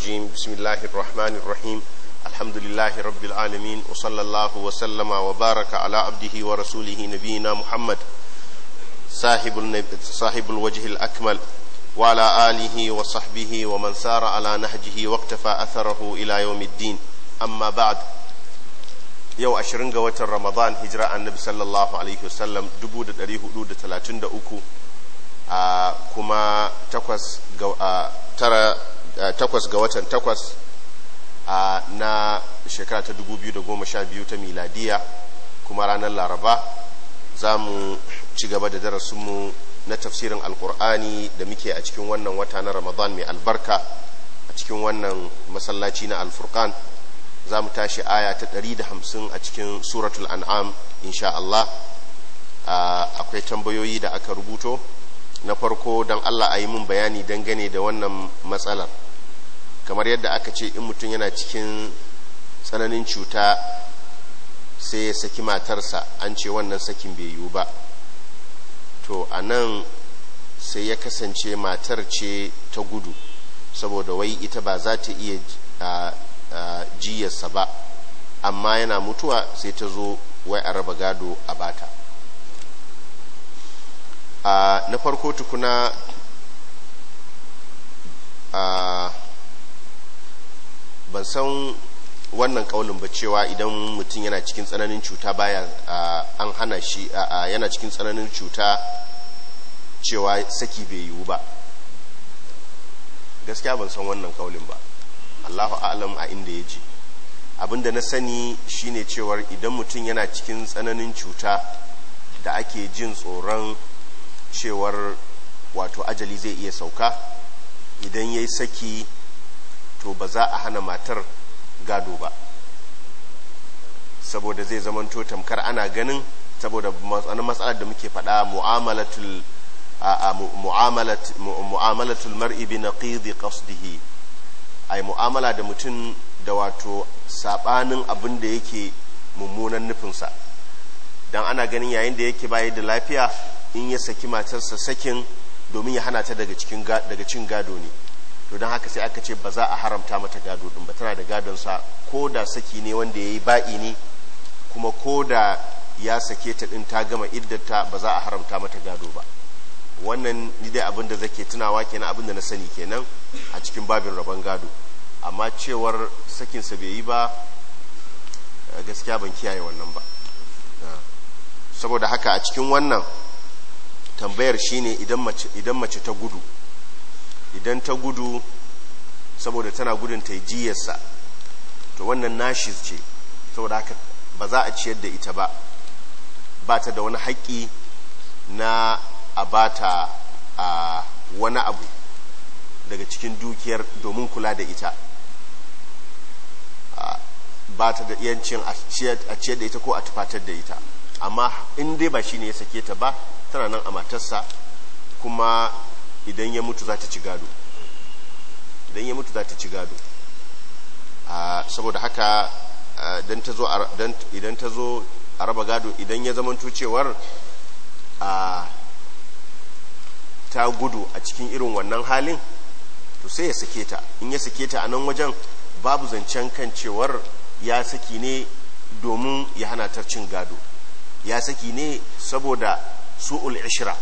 الرجيم بسم الله الرحمن الرحيم الحمد لله رب العالمين وصلى الله وسلم وبارك على عبده ورسوله نبينا محمد صاحب, النب... صاحب الوجه الأكمل وعلى آله وصحبه ومن سار على نهجه واقتفى أثره إلى يوم الدين أما بعد yau ashirin ga watan ramadan hijira annabi sallallahu alaihi wasallam 1433 a kuma takwas ga tara Eh, takwas ga watan takwas na shekara ta da goma sha biyu ta miladiya kuma ranar laraba za mu ci gaba da darasinmu na tafsirin alkur'ani da muke a cikin wannan wata na ramadan mai albarka a cikin wannan masallaci na alfurkan za mu tashi aya ta da hamsin a cikin suratul an'am insha Allah akwai tambayoyi da aka rubuto na farko don Allah a yi mun bayani dangane da wannan matsalar kamar yadda aka ce in mutum yana cikin tsananin cuta sai ya saki matarsa an ce wannan sakin bai yiwu ba to a nan sai ya kasance matar ce ta gudu saboda wai ita ba za ta iya jiyarsa ba amma yana mutuwa sai ta zo wai a raba gado a bata a na farko tukuna a ban san wannan kaulin ba cewa idan mutum yana cikin tsananin cuta baya an hana shi yana cikin tsananin cuta cewa saki bai yiwu ba gaskiya ban san wannan kaulin ba allahu alam a inda ya ji abinda na sani shine cewar idan mutum yana cikin tsananin cuta da ake jin tsoron cewar wato ajali zai iya sauka idan ya saki to ba za a hana matar gado ba saboda zai zamanto tamkar ana ganin saboda wani matsalar da muke faɗa mu'amalatul mu'amalatul mar'i bi naqidi qasdihi ai mu'amala da mutum da wato saɓanin abin da yake mummunan nufinsa don ana ganin yayin da yake baya da lafiya in ya saki matarsa sakin domin ya hana ta daga cikin daga cin gado ne to don haka sai aka ce ba za a haramta mata gado din ba tana da gadon sa ko da saki ne wanda yayi ba'i ne kuma ko da ya sake ta din ta gama iddata ba za a haramta mata gado ba wannan ni dai abin da zake tunawa kenan abin da na sani kenan a cikin babin rabon gado amma cewar sakinsa bai yi ba eh, gaskiya ban kiyaye wannan ba eh, saboda haka a cikin wannan tambayar shine idan mace idan mace ta gudu idan ta gudu saboda tana gudun ta jiyarsa to wannan nashis ce saboda haka ba za a ciyar da ita ba ba ta da wani haƙƙi na a ta a wani abu daga cikin dukiyar domin kula da ita ba ta da iyancin a ciyar da ita ko a tufatar da ita amma in dai ba shi ne ya sake ta ba tana nan a matarsa kuma idan ya mutu za ta ci gado idan ya mutu za ta ci gado saboda haka idan ta zo a raba gado idan ya zamanto cewar ta gudu a cikin irin wannan halin to sai ya sake ta in ya sake ta a nan wajen babu zancen kan cewar ya saki ne domin ya hana tarcin gado ya saki ne saboda su'ul ishra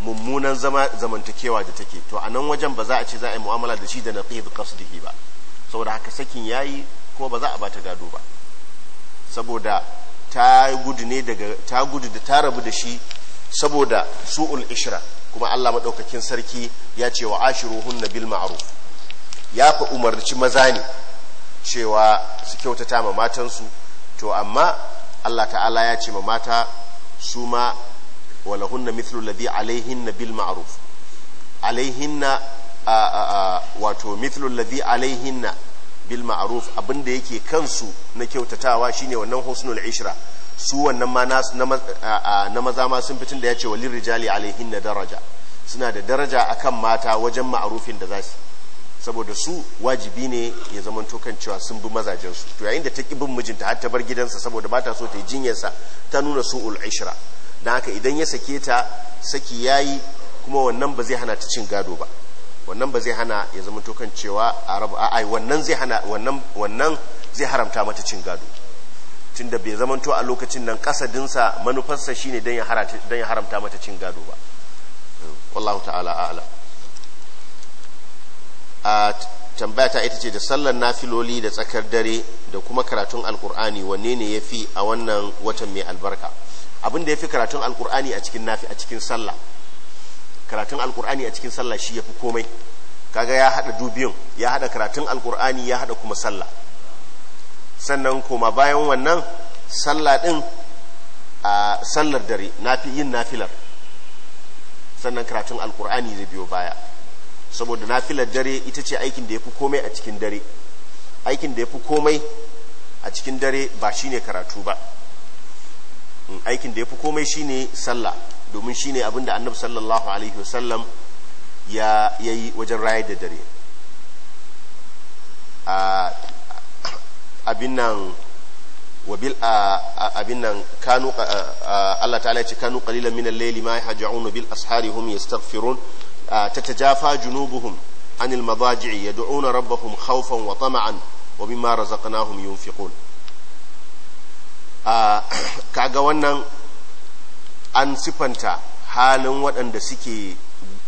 mummunan zamantakewa da take to a nan wajen ba za a ce za a yi mu'amala da shi da naqid qasdihi ba saboda haka sakin yayi ko ba za a bata gado ba saboda ta gudu ne daga ta gudu da ta rabu da shi saboda su'ul ishra kuma Allah madaukakin sarki ya ce wa ashiruhunna bil ma'ruf ya fa umarci maza ne cewa su kyautata ma matansu to amma Allah ta'ala ya ce ma mata su ma walahunna mithlu alladhi alaihinna bil ma'ruf na wato mithlu alladhi na bil ma'ruf abin da yake kansu na kyautatawa shine wannan husnul ishra su wannan ma na maza ma sun fitin da ya ce walin rijali alaihinna daraja suna da daraja akan mata wajen ma'arufin da za su saboda su wajibi ne ya zama tokan cewa sun bi mazajensu to yayin da ta ki bin mijinta har ta bar gidansa saboda ba ta so ta yi jinyarsa ta nuna su ul ishra don haka idan ya sake ta saki yayi kuma wannan ba zai hana ta cin gado ba wannan ba zai hana ya zama tokan cewa a rabu ai wannan zai hana wannan wannan zai haramta mata cin gado tunda bai zama to a lokacin nan sa manufarsa shine dan ya haramta mata cin gado ba wallahu ta'ala a'lam a tambaya ta ita ce da sallar nafiloli da tsakar dare da kuma karatun alkur'ani wanne ne ya fi a wannan watan mai albarka abin da ya fi karatun alkur'ani a cikin nafi a cikin sallah karatun alkur'ani a cikin sallah shi ya fi komai kaga ya hada dubiyun ya hada karatun alkur'ani ya hada kuma sallah sannan kuma bayan wannan sallah din a sallar dare nafi yin nafilar sannan karatun alkur'ani zai biyo baya saboda nafilar dare ita ce aikin da ya fi komai a cikin dare aikin da ya fi komai a cikin dare ba shine karatu ba mm, aikin da ya fi komai shine sallah domin shine abin da annabi sallallahu alaihi wasallam ya yi wajen rayar da dare abin nan wabil abin nan kanu Allah ta'ala ya ce kanu qalilan min al-layli ma yahja'un bil ashari hum yastaghfirun تتجافى جنوبهم عن المضاجع يدعون ربهم خوفا وطمعا ومما رزقناهم ينفقون kaga wannan an sifanta halin waɗanda suke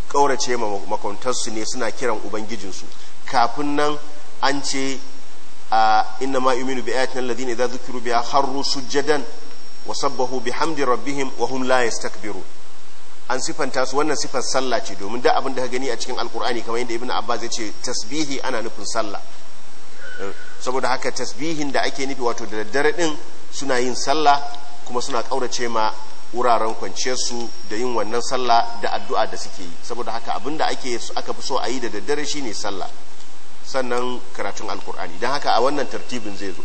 ƙaurace makwantarsu ne suna kiran ubangijinsu kafin nan an ce inna ma yuminu bi ayatin alladhina idza zukiru biya harru sujjadan wa sabbahu hamdi rabbihim wa hum la yastakbiru an sifanta su wannan sifar sallah ce domin da abin da ka gani a cikin alkur'ani kamar yadda ibn abbas ya ce tasbihi ana nufin sallah eh, saboda haka tasbihin da ake nufi wato da daddare din suna yin sallah kuma suna kaurace ma wuraren kwanciyar su da yin wannan sallah da addu'a da suke yi saboda haka abin da ake aka fi so a yi da daddare shine sallah sannan karatun alkur'ani don haka a wannan tartibin zai zo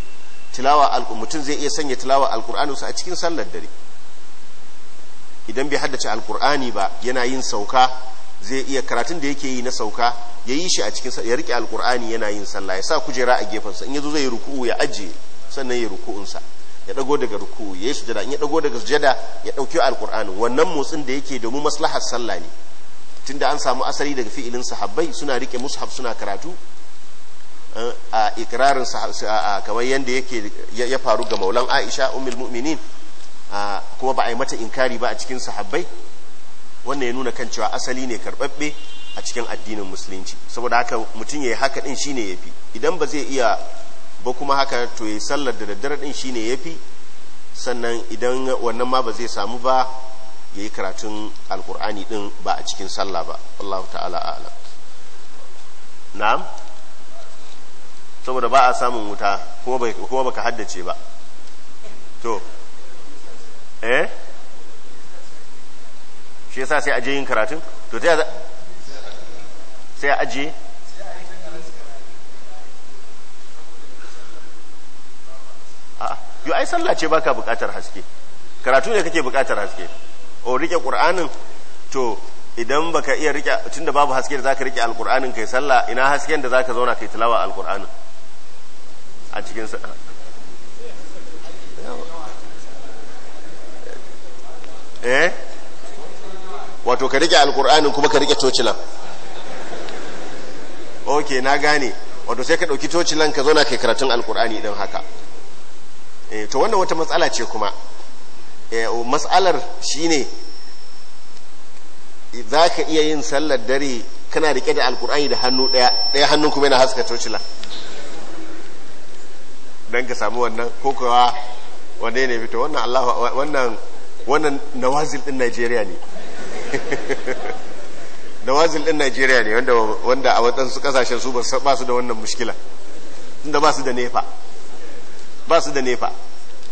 tilawa mutum zai iya sanya tilawa alkur'ani su a cikin sallar dare idan bai haddace alkur'ani ba yana yin sauka zai iya karatun da yake yi na sauka ya yi shi a cikin ya rike alkur'ani yana yin sallah ya sa kujera a gefensa in ya zai yi ruku'u ya ajiye sannan ya ruku'unsa ya dago daga ruku'u ya yi sujada in ya dago daga sujada ya dauki alkur'ani wannan motsin da yake domin maslahar sallah ne tunda an samu asali daga fi'ilin sahabbai suna rike mushaf suna karatu eh, a ikirarin kamar yanda yake ya faru ga maulan Aisha ummul mu'minin kuma ba a yi mata inkari ba a cikin sahabbai wannan ya nuna kan cewa asali ne karɓaɓɓe a cikin addinin musulunci saboda haka mutum ya yi haka ɗin shine ya fi idan ba zai iya ba kuma haka to ya sallar da daddare ɗin shine ya fi sannan idan wannan ma ba zai samu ba ya yi karatun alkur'ani ɗin ba a cikin sallah ba allah ta'ala ala na'am saboda ba a samun wuta kuma baka haddace ba to eh shi yasa sai aje yin karatun to ta sai aje a yo ai sallah ce baka bukatar haske karatu ne kake bukatar haske o rike qur'anin to idan baka iya rike tunda babu haske da zaka rike alqur'anin kai sallah ina hasken da zaka zauna kai tilawa alqur'anin a cikin eh wato ka rike alkur'anin kuma ka rike tocilan ok na gane wato sai ka ɗauki tocilan ka zauna kai karatun alkur'ani ɗin haka e, to wannan wata matsala ce kuma eh matsalar shine za ka iya yin sallar dare kana rike da alkur'ani da hannu ɗaya ɗaya hannun kuma yana haska tocilan dan ka samu wannan ko kuwa wanne ne fito wannan allah wannan wannan nawazil din najeriya ne nawazil din najeriya ne wanda a waɗansu ƙasashen su ba su da wannan mushkila inda ba su da nefa ba su da nefa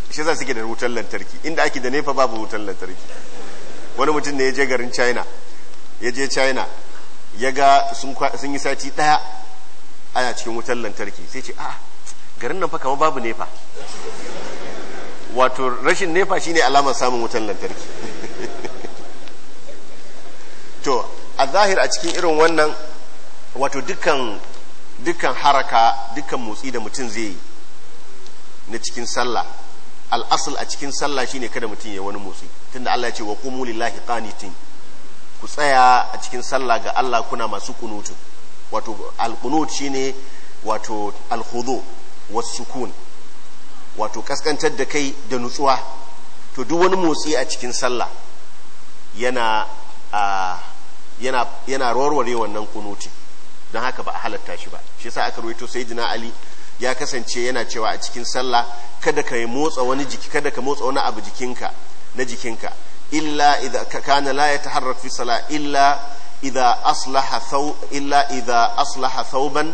shi za suke da wutar lantarki inda ake da nefa babu wutar lantarki wani mutum ne ya je garin china ya je china ya ga sun yi sati ɗaya ana cikin wutar lantarki sai ce a ah, garin nan fa kama babu nefa wato rashin nefa shine alamar samun wutan lantarki to a zahir a cikin irin wannan wato dukkan dukkan haraka dukkan motsi da mutum zai yi na cikin sallah al'asul a cikin sallah shine kada mutum ya wani motsi tunda Allah ya ce wa qumu lillahi qanitin ku tsaya a cikin sallah ga Allah kuna masu kunutu wato al shine wato al-khudu was-sukun wato kaskantar da kai da nutsuwa to duk wani motsi a cikin sallah yana yana yana warware wannan kunuti don haka ba a halatta shi ba shi yasa aka rawaito sayyidina ali ya kasance yana cewa a cikin sallah kada ka motsa wani jiki kada ka motsa wani abu jikinka na jikinka illa idza kana la yataharrak fi salah illa idza aslaha thaw illa idza aslaha thawban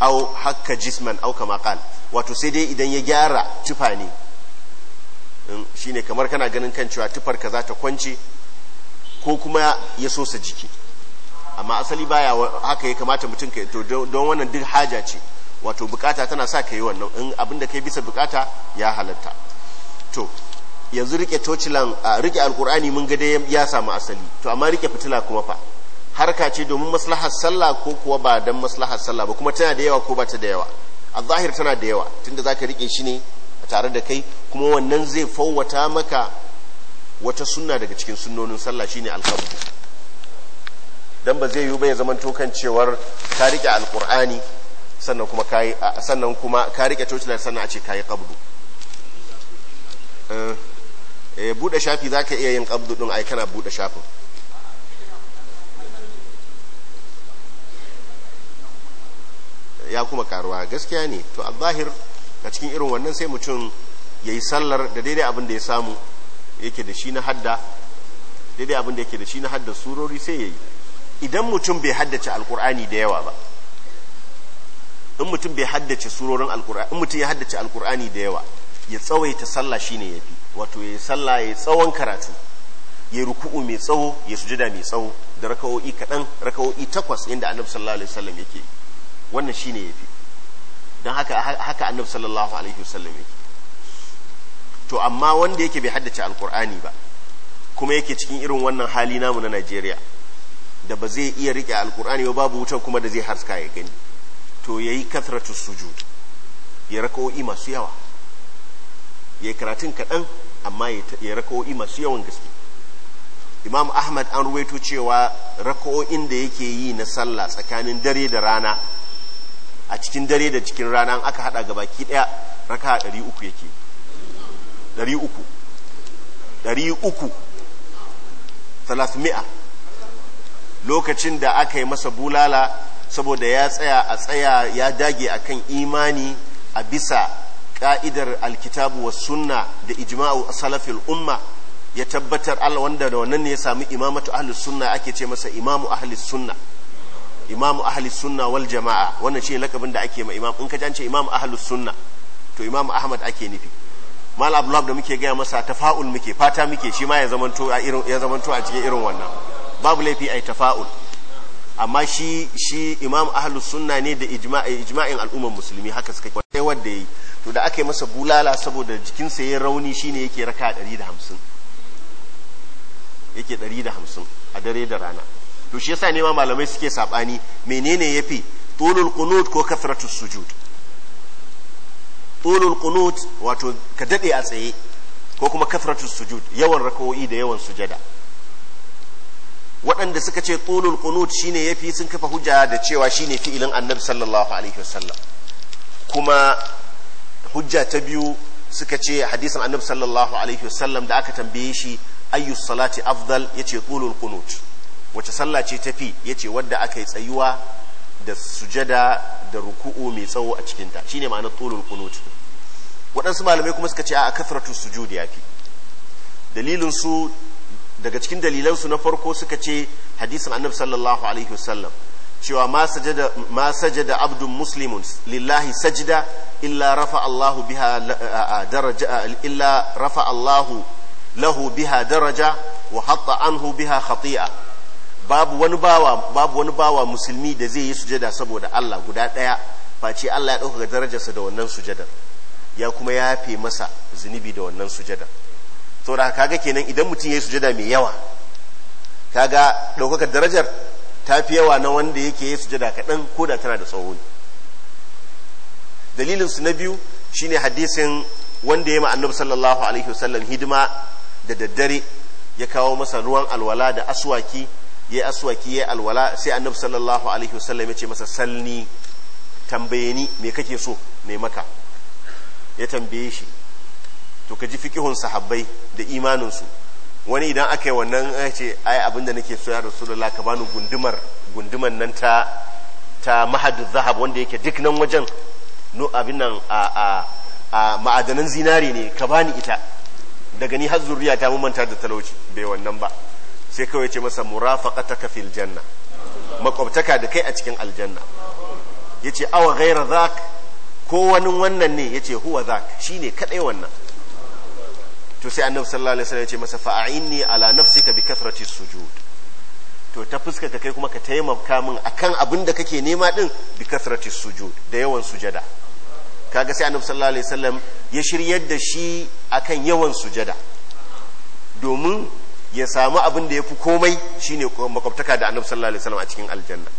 au haka jisman au kama qal wato sai dai idan ya gyara tufa ne hmm, shine kamar kana ganin kan cewa tufar ka za ta kwance ko kuma ya sosa jiki amma asali baya haka ya kamata mutum ka to don wannan duk haja ce wato bukata tana sa ka yi wannan in abin da kai bisa bukata ya halatta to yanzu rike tocilan rike alkur'ani mun ga dai ya samu asali to amma rike fitila kuma fa harka ce domin maslahar sallah ko kuwa ba don maslahar sallah ba kuma tana da yawa ko ba ta da yawa a zahir tana da yawa tunda za ka rike shi ne a tare da kai kuma wannan zai fawwata maka wata sunna daga cikin sunnonin sallah shine alkabu dan ba zai yiwu ba ya zaman tokan cewar ka rike alkur'ani sannan kuma kai sannan kuma ka rike tocilar sannan a ce kai qabdu eh, eh bude shafi zaka iya yin qabdu din ai kana bude shafin ya kuma karuwa gaskiya ne to a zahir a cikin irin wannan sai mutum ya yi sallar da daidai abin da ya samu yake da shi na hadda daidai abin da yake da shi na hadda surori sai ya yi idan mutum bai haddace alkur'ani da yawa ba in mutum bai haddace surorin alkur'ani in mutum ya haddace alkur'ani da yawa ya tsawaita sallah shine yafi wato ya sallah ya tsawon karatu ya ruku'u mai tsawo ya sujada mai tsawo da raka'o'i kaɗan raka'o'i takwas inda annabi sallallahu alaihi wasallam yake yi wannan shine yafi don haka haka annabi sallallahu alaihi wasallam yake to amma wanda yake bai haddace alkur'ani ba kuma yake cikin irin wannan hali namu na Najeriya da ba zai iya rike alkur'ani ba babu wutar kuma da zai haska ya gani to yayi kathratu sujud ya raka'o'i masu yawa ya karatun kaɗan amma ya raka'o'i masu yawan gaske imam ahmad an ruwaito cewa raka'o'in da yake yi na sallah tsakanin dare da rana a cikin dare da cikin rana aka hada ga baki daya raka ɗari uku yake ɗari uku ɗari uku talasmi'a lokacin da aka yi masa bulala saboda ya tsaya a tsaya ya dage akan imani a bisa ka'idar alkitabu wa sunna da ijma'u salafil umma ya tabbatar Allah wanda da wannan ne ya sami imamatu ahlus sunna ake ce masa imamu ahlus sunna imamu ahli sunna wal jama'a wannan shine lakabin da ake ma imam in ka an ce imamu ahli sunna to imamu ahmad ake nufi mal abdullah da muke gaya masa tafa'ul muke fata muke shi ma ya zamanto a irin ya zamanto a cikin irin wannan babu laifi ai tafa'ul amma shi shi imam ahlus sunna ne da ijma'in al'ummar musulmi haka suka kai wanda yi to da aka yi masa bulala saboda jikinsa ya rauni shine yake raka 150 yake 150 a dare da rana to shi yasa nema malamai suke sabani menene yafi tulul qunut ko kasratus sujud tulul qunut wato ka dade a tsaye ko kuma kasratus sujud yawan rakawoyi da yawan sujada waɗanda suka ce tulul qunut shine yafi sun kafa hujja da cewa shine fi'ilin annabi sallallahu alaihi wasallam kuma hujja ta biyu suka ce hadisin annabi sallallahu alaihi wasallam da aka tambaye shi ayyus salati afdal yace tulul qunut wace sallah ce tafi yace wadda aka yi tsayuwa da sujada da ruku'u mai tsawo a cikinta shine ma'anar tulul qunut waɗansu malamai kuma suka ce a kasratu sujud yafi dalilin su daga cikin dalilan su na farko suka ce hadisin annabi sallallahu alaihi wasallam cewa ma sajada ma sajada abdun muslimun lillahi sajda illa rafa Allahu biha daraja illa rafa Allahu lahu biha daraja wa hatta anhu biha khati'a babu wani bawa babu wani bawa musulmi da zai yi sujada saboda Allah guda ɗaya face Allah ya dauka darajarsa da wannan sujadar ya kuma ya yafe masa zunubi da wannan sujada. to da kaga kenan idan mutum ya yi sujada mai yawa kaga daukaka darajar ta fi yawa na wanda yake yi sujada kaɗan ko da tana da tsawo dalilin su na biyu shine hadisin wanda ya annabi sallallahu alaihi wasallam hidima da daddare ya kawo masa ruwan alwala da aswaki ya yi aswaki ya yi alwala sai annabi sallallahu alaihi wasallam ya ce masa salni tambaye ni me kake so ne maka ya tambaye shi to ka ji fikihun sahabbai da imanin su wani idan aka yi wannan ya ce ai abinda nake so ya rasulullah ka bani gundumar gunduman nan ta ta mahadin zahab wanda yake duk nan wajen no abin nan a a ma'adanan zinare ne ka bani ita daga ni har zuriya ta manta da talauci bai wannan ba sai kawai ce masa murafaqataka fil janna makwabtaka da kai a cikin aljanna yace awa ghayra zak ko wani wannan ne yace huwa zak shine kadai wannan to sai annabi sallallahu alaihi wasallam masa fa'inni ala nafsika bi kathrati sujud to ta fuska ka kai kuma ka taimaka min akan abin da kake nema din bi kasrati sujud da yawan sujada kaga sai annabi sallallahu alaihi wasallam ya shiryar da shi akan yawan sujada domin ya samu abin da ya fi komai shine makwabtaka da annabi sallallahu alaihi wasallam a cikin aljanna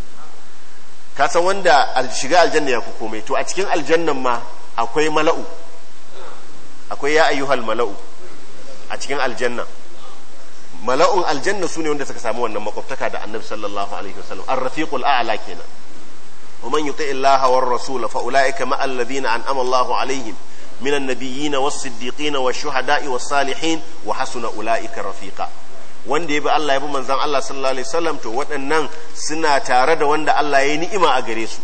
ka san wanda shiga aljanna ya fi komai to a cikin aljannan ma akwai mala'u akwai ya ayyuhal mala'u a cikin aljanna mala'un aljanna sune wanda suka samu wannan makwabtaka da annabi sallallahu alaihi wasallam ar-rafiqul a'la kenan ومن يطع الله والرسول فأولئك مع الذين أنعم الله عليهم من النبيين والصديقين والشهداء والصالحين وحسن أولئك رفيقا wanda ya bi Allah ya bi manzan Allah sallallahu alaihi wasallam to waɗannan suna tare da wanda Allah ya yi ni'ima a gare su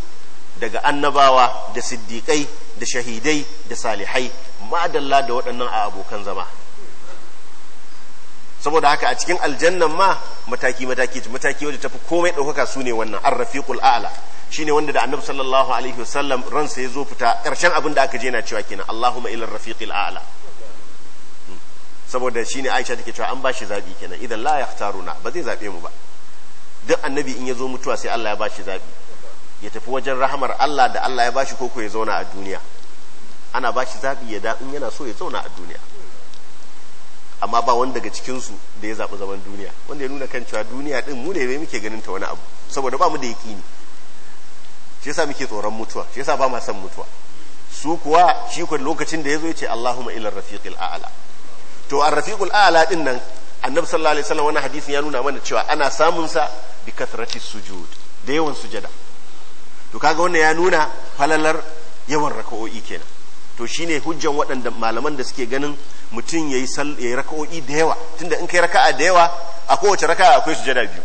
daga annabawa da siddiƙai da shahidai da salihai ma'adalla da waɗannan a abokan zama saboda haka a cikin aljannan ma mataki mataki mataki wanda tafi komai ɗaukaka su ne wannan arrafiqul a'la shine wanda da annabi sallallahu alaihi wasallam ransa ya zo fita ƙarshen abin da aka je na cewa kenan Allahumma ila rafiqil a'la saboda shi ne Aisha take cewa an bashi zabi kenan idan la yahtaruna ba zai zabe mu ba duk annabi in ya zo mutuwa sai Allah ya bashi zabi ya tafi wajen rahamar Allah da Allah ya ba bashi koko ya zauna a duniya ana bashi zabi ya da in yana so ya zauna a duniya amma ba wanda daga cikin su da ya zabi zaman duniya wanda ya nuna kan cewa duniya din mu ne muke ganin ta wani abu saboda ba mu da yakini shi yasa muke tsoron mutuwa shi yasa ba ma son mutuwa su kuwa shi kun lokacin da ya zo ya ce Allahumma ila rafiqil a'la to a a'la din nan annabi sallallahu alaihi wasallam wani hadisin ya nuna mana cewa ana samun sa bi kasrati sujud da yawan sujada to kaga wannan ya nuna falalar yawan raka'o'i kenan to shine hujjan waɗanda malaman da suke ganin mutum yayi yayi raka'o'i da yawa tunda in kai raka'a da yawa a kowace raka'a akwai sujada biyu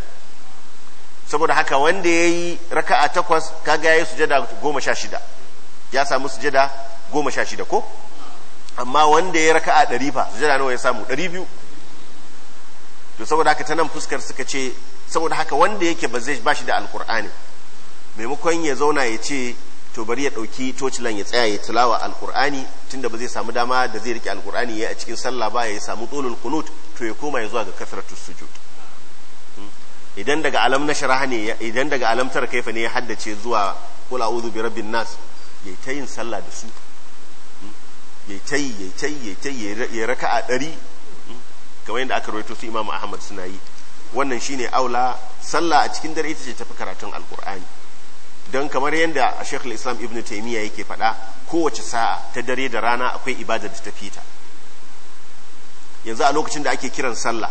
saboda haka wanda yayi raka'a takwas kaga yayi sujada goma sha shida ya samu sujada goma sha shida ko amma wanda ya raka a ɗari fa sujada nawa ya samu ɗari biyu to saboda haka ta nan fuskar suka ce saboda haka wanda yake ba zai ba shi da alkur'ani maimakon ya zauna ya ce to bari ya ɗauki tocilan ya tsaya ya tilawa alkur'ani tunda ba zai samu dama da zai rike alkur'ani ya a cikin sallah ba ya samu tsolul kunut to ya koma ya zuwa ga kasratus sujud hmm. idan daga alam na sharaha ne idan daga alamtar kaifa ne ya haddace zuwa kula a'udhu bi rabbin nas ta yin sallah da su yayi tayi yayi ya yayi ya raka a ɗari kamar yadda aka rawaito su Imam Ahmad suna yi wannan shine aula sallah a cikin dare ita ce tafi karatun alkur'ani don kamar yadda a shekul islam ibn taimiyya yake faɗa kowace sa'a ta dare da rana akwai ibadar da ta fita yanzu a lokacin da ake kiran sallah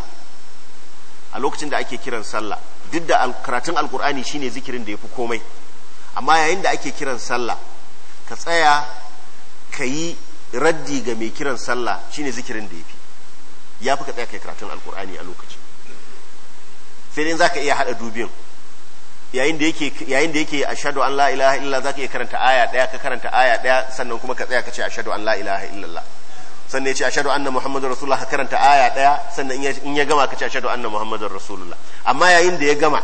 a lokacin da ake kiran sallah duk da karatun alkur'ani shine zikirin da ya fi komai amma yayin da ake kiran sallah ka tsaya ka yi raddi ga mai kiran sallah shine zikirin da yafi ya fi ka tsaya kai karatun alkur'ani a lokaci sai dai zaka iya hada dubin yayin da yake yayin da yake ashhadu an la ilaha illallah zaka iya karanta aya daya ka karanta aya daya sannan kuma ka tsaya ka ce ashhadu an la ilaha illallah sannan ya ce ashadu anna muhammadu rasulullah ka karanta aya daya sannan in ya gama ka ce ashadu anna muhammadu rasulullah amma yayin da ya gama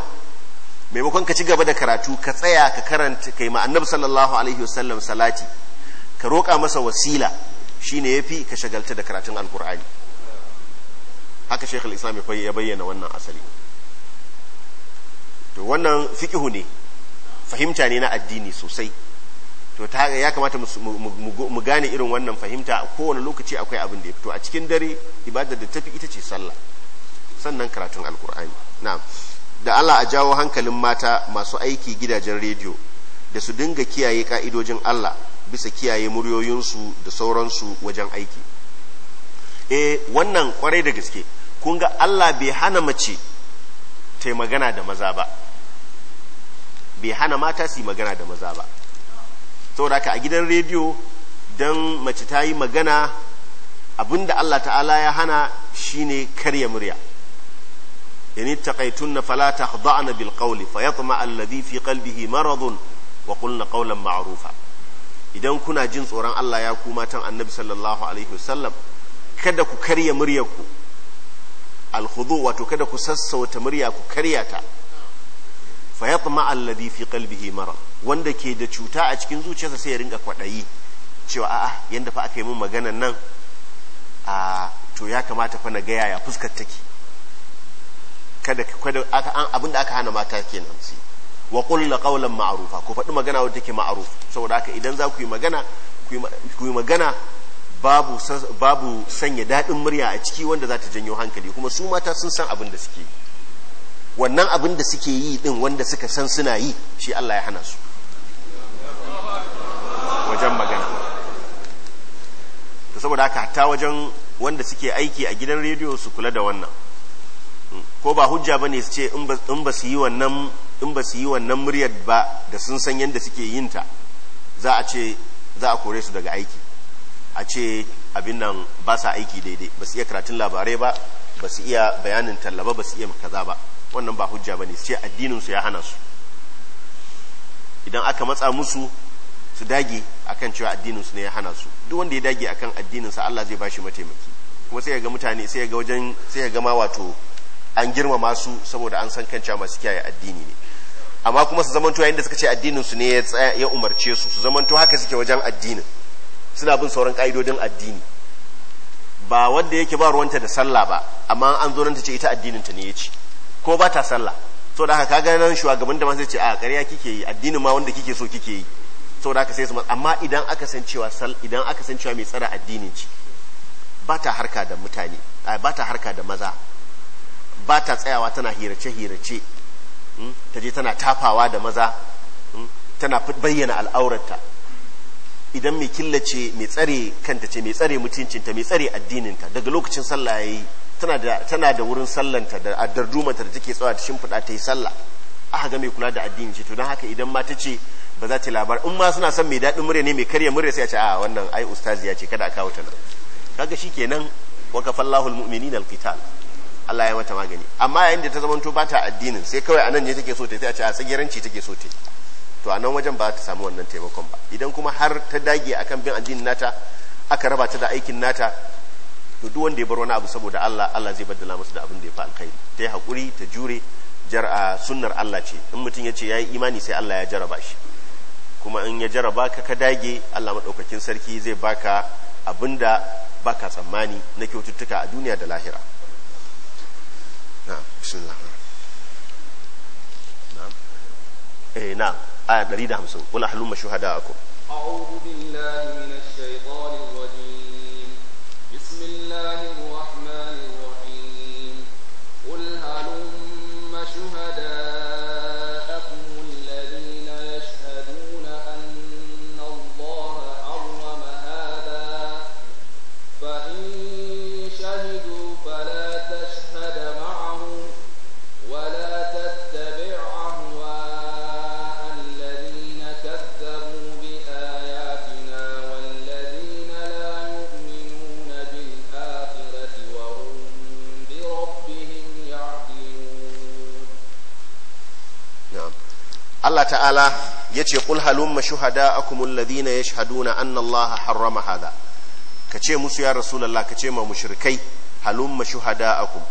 maimakon ka ci gaba da karatu ka tsaya ka karanta kai ma annabi sallallahu alaihi wasallam salati ka roƙa masa wasila shi ne ya fi ka shagalta da karatun alkur'ani haka shekul islam ya bayyana wannan asali to wannan fikihu ne fahimta ne na addini sosai to ya kamata mu gane irin wannan fahimta a kowane lokaci akwai abin da ya fito a cikin dare ibadar da tafi ita ce sallah sannan karatun alkur'ani na da Allah a jawo hankalin mata masu aiki gidajen rediyo da su dinga kiyaye ka'idojin Allah bisa kiyaye muryoyinsu da sauransu wajen aiki e wannan kwarai da gaske kun ga Allah bai hana mace ta yi magana da maza ba bai hana mata su yi magana da maza ba saboda daka a gidan rediyo don mace ta yi magana abinda Allah ta'ala ya hana shine karya murya in taqaytunna bil qawli fayatma alladhi fi qalbihi maradun wa qulna qawlan ma'rufa idan kuna jin tsoron Allah ya ku matan annabi sallallahu alaihi wasallam kada ku karya muryarku alhudu wato kada ku sassauta murya ku karya ta fa yatma alladhi fi qalbihi marad wanda ke da cuta a cikin zuciyarsa sai ya ringa kwadayi cewa a'a yanda fa aka yi min maganan nan a to ya kamata fa na ga yaya fuskar take kada kada abinda aka hana mata kenan sai wa qulna qawlan ma'rufa ku faɗi magana wadda take ma'ruf saboda haka idan za ku yi magana ku yi magana babu babu sanya daɗin murya a ciki wanda za ta janyo hankali kuma su mata sun san abin da suke wannan abin da suke yi din wanda suka san suna yi shi Allah ya hana su wajen magana to saboda haka hatta wajen wanda suke aiki a gidan rediyo su kula da wannan hmm. ko ba hujja bane su ce in ba su yi wannan in ba su yi wannan muryar ba da sun san yadda suke yin ta za a ce za a kore su daga aiki a ce abin nan ba sa aiki daidai ba su iya karatun labarai ba ba su iya bayanin tallaba ba su iya kaza ba wannan ba hujja ba ne su ce addininsu ya hana su idan aka matsa musu su dage akan cewa addininsu ne ya hana su duk wanda ya dage akan sa Allah zai bashi mataimaki kuma sai ya ga mutane sai ya ga wajen sai ya ga ma wato an girmama su saboda an san kan cewa masu kiyaye addini ne amma kuma su zamanto yayin da suka ce addinin su ne ya umarce su su zamanto haka suke wajen addinin suna bin sauran ka'idodin addini ba wanda yake ba ruwanta da sallah ba amma an zo nan ta ce ita addinin ta ne ya ci ko ba ta sallah so da haka ka kaga nan shugaban da ma sai ce a ƙarya kike yi addinin ma wanda kike so kike yi so da haka sai su amma idan aka san cewa sal idan aka san cewa mai tsara addinin ci ba ta harka da mutane ba ta harka da maza ba ta tsayawa tana hirace hirace Hmm? ta je tana tafawa da maza hmm? tana bayyana al'aurarta idan mai killace mai tsare kanta ce mai tsare mutuncinta mai tsare addininta daga lokacin sallah ya tana da tana da wurin sallanta da addardumanta da take tsawa ta shimfiɗa ta yi sallah aka ga mai kula da addini ce to don haka idan mata ce ba za ta labar in ma suna son mai daɗin murya ne mai karya murya sai a ce a wannan ai ustaziya ce kada a kawo ta nan kaga shikenan wa kafallahu almu'minina alqital Allah ya mata magani amma yayin da ta zamanto ba ta addinin sai kawai anan ne take so ta yi a ce a tsagiranci take so ta to a nan wajen ba ta samu wannan taimakon ba idan kuma har ta dage akan bin addinin nata aka raba ta da aikin nata to duk wanda ya bar wani abu saboda Allah Allah zai baddala masa da abin da ya fi alkhairi ta yi hakuri ta jure jar'a sunnar Allah ce in mutum ya ce ya yi imani sai Allah ya jaraba shi kuma in ya jaraba ka ka dage Allah maɗaukakin sarki zai baka abinda baka tsammani na kyaututtuka a duniya da lahira نعم بسم الله نعم اي نعم آية 150 قل أحلم شهداءكم أعوذ بالله من الشيطان الرجيم بسم الله الرحمن Allah ta'ala ya ce ƙul halumma shuhada akumul ladina ya shahaduna an Allah harrama hada ka ce musu ya rasulallah ka ce ma mushrikai halumma shuhada akum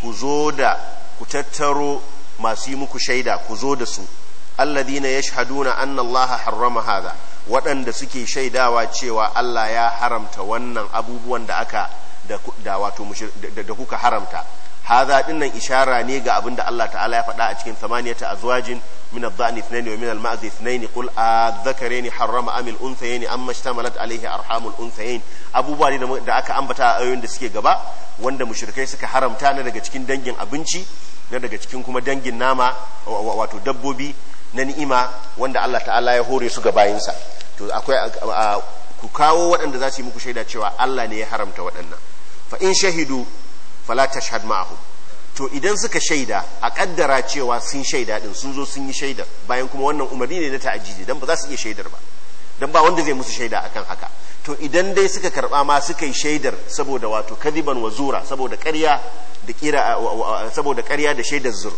ku zo da ku tattaro masu yi muku shaida ku zo da su alladina ya shahaduna an Allah harrama hada waɗanda suke shaidawa cewa Allah ya haramta wannan abubuwan da aka da wato da kuka haramta haza nan ishara ne ga abin da Allah ta'ala ya faɗa a cikin samaniyata azwajin من الضأن اثنين ومن المعز اثنين قل الذكرين حرم أم الأنثيين أما اشتملت عليه أرحام الأنثيين أبو بالي da aka ambata a ayoyin da suke gaba wanda mushrikai suka haramta na daga cikin dangin abinci na daga cikin kuma dangin nama wato dabbobi na ni'ima wanda Allah ta'ala ya hore su ga bayinsa to akwai ku kawo waɗanda za su yi muku shaida cewa Allah ne ya haramta waɗannan fa in shahidu fala tashhad ma'ahum to idan suka shaida a kaddara cewa sun shaida din sun zo sun yi shaidar bayan kuma wannan umarni ne na ta'ajiji dan ba za su iya shaidar ba dan ba wanda zai musu shaida akan haka to idan dai suka karba ma suka yi shaidar saboda wato kadiban wa zura saboda ƙarya da kira saboda ƙarya da shaidar zur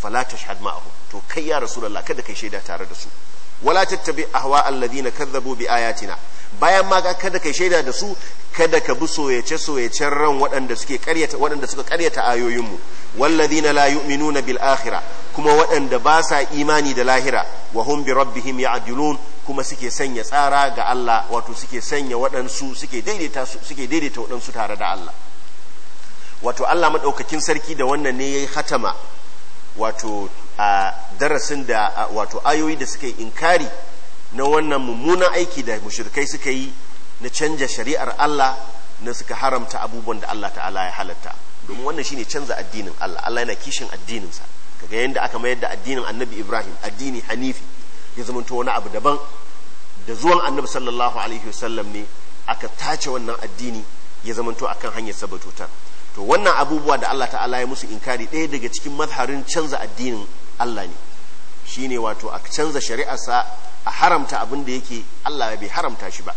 fala tashhad ma'ahu to kai ya rasulullah kada kai shaida tare da su wala tattabi ahwa alladhina kazzabu bi ayatina bayan ma kada kai shaida da su kada ka bi soyace soyacen ran waɗanda suke ƙaryata waɗanda suka ƙaryata ayoyinmu ladina la yu'minuna bil akhira kuma waɗanda ba sa imani da lahira wa hum bi rabbihim ya'dilun kuma suke sanya tsara ga Allah wato suke sanya waɗansu suke daidaita suke daidaita waɗansu tare da Allah wato Allah madaukakin sarki da wannan ne yayi hatama wato a darasin da wato ayoyi da suke inkari na wannan mummunan aiki da mushrikai suka yi na canja shari'ar Allah na suka haramta abubuwan da Allah ta'ala ya halatta domin wannan ne canza addinin Allah Allah yana kishin addininsa kaga yadda aka mayar da addinin Annabi Ibrahim addini hanifi ya zamanto wani abu daban da zuwan Annabi sallallahu alaihi wasallam ne aka tace wannan addini ya zamanto akan hanyar sabatutar to wannan abubuwa da Allah ta'ala ya musu inkari ɗaya daga cikin mazharin canza addinin Allah ne Shi ne wato a canza shari'arsa a haramta abin da yake Allah bai haramta shi ba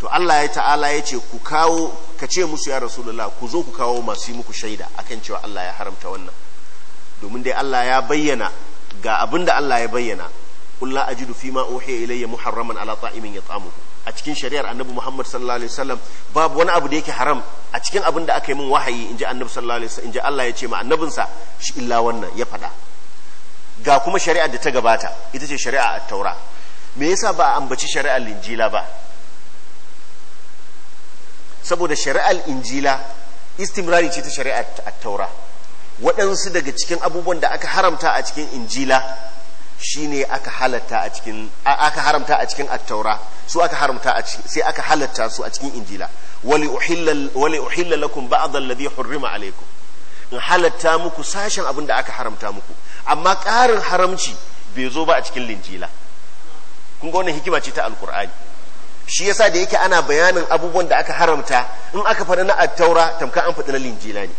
to Allah ya ta'ala ya ce ku kawo ka ce musu ya rasulullah ku zo ku kawo masu yi muku shaida akan cewa Allah ya haramta wannan domin dai Allah ya bayyana ga abin da Allah ya bayyana qul la ajidu fima uhiya ilayya muharraman ala ta'imin yat'amuhu a cikin shari'ar annabi Muhammad sallallahu alaihi wasallam babu wani abu da yake haram a cikin abin da aka yi min wahayi inji annabi sallallahu alaihi wasallam inji Allah ya ce ma annabinsa shi illa wannan ya faɗa ga kuma shari'ar da ta gabata ita ce shari'a a taura me yasa ba a ambaci shari'ar linjila ba saboda shari'ar injila istimrari ce ta shari'a a taura waɗansu daga cikin abubuwan da aka haramta a cikin injila shine aka halatta a cikin aka haramta a cikin attaura su aka haramta a cikin sai aka halatta su a cikin injila wali uhilla wali uhilla lakum ba'd alladhi hurrima alaykum in halatta muku sashen abin da aka haramta muku amma ƙarin haramci bai zo ba a cikin linjila kun ga hikima ce ta alkur'ani shi yasa da yake ana bayanin abubuwan da aka haramta in aka faɗi na attaura tamka an faɗi na linjila ne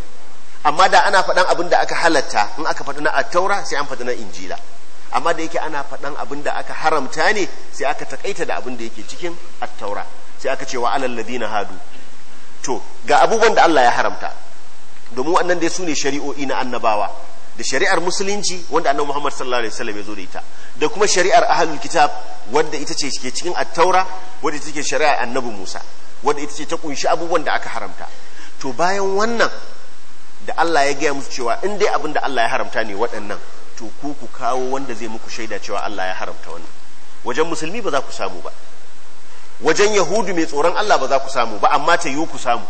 amma da ana faɗan abin da aka halatta in aka faɗi na attaura sai an faɗi na injila amma da yake ana faɗan abin da aka haramta ne sai aka takaita da abin da yake cikin attaura sai aka ce wa alal ladina hadu to ga abubuwan da Allah ya haramta domin wannan dai su ne shari'o'i na annabawa da shari'ar musulunci wanda annabi Muhammad sallallahu alaihi wasallam ya zo da ita da kuma shari'ar ahlul kitab wanda ita ce ke cikin at-taura wanda ita ce shari'ar annabi Musa wanda ita ce ta kunshi abubuwan da aka haramta to bayan wannan da Allah ya gaya musu cewa in dai abin da Allah ya haramta ne waɗannan to ku ku kawo wanda zai muku shaida cewa Allah ya haramta wannan wajen musulmi ba za ku samu ba wajen yahudu mai tsoron Allah ba za ku samu ba amma ta yi ku samu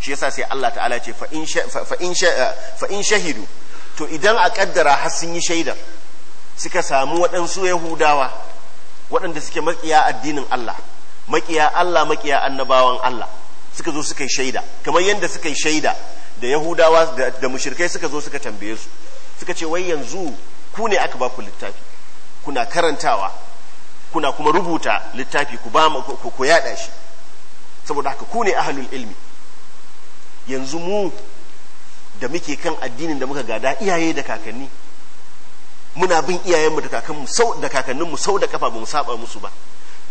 shi yasa sai Allah ta'ala ce fa in shahidu to idan a kaddara har sun yi shaidar suka samu waɗansu yahudawa waɗanda suke makiya addinin Allah makiya Allah makiya annabawan Allah suka zo suka yi shaida kamar yadda suka yi shaida da yahudawa da mushrikai suka zo suka tambaye su suka ce wai yanzu ku ne aka ba ku littafi kuna karantawa kuna kuma rubuta littafi ku ba ku yada shi saboda haka ku ne ahlul ilmi yanzu mu da muke kan addinin da muka gada iyaye da kakanni muna bin iyayenmu da kakanninmu sau da kafa bamu saba musu ba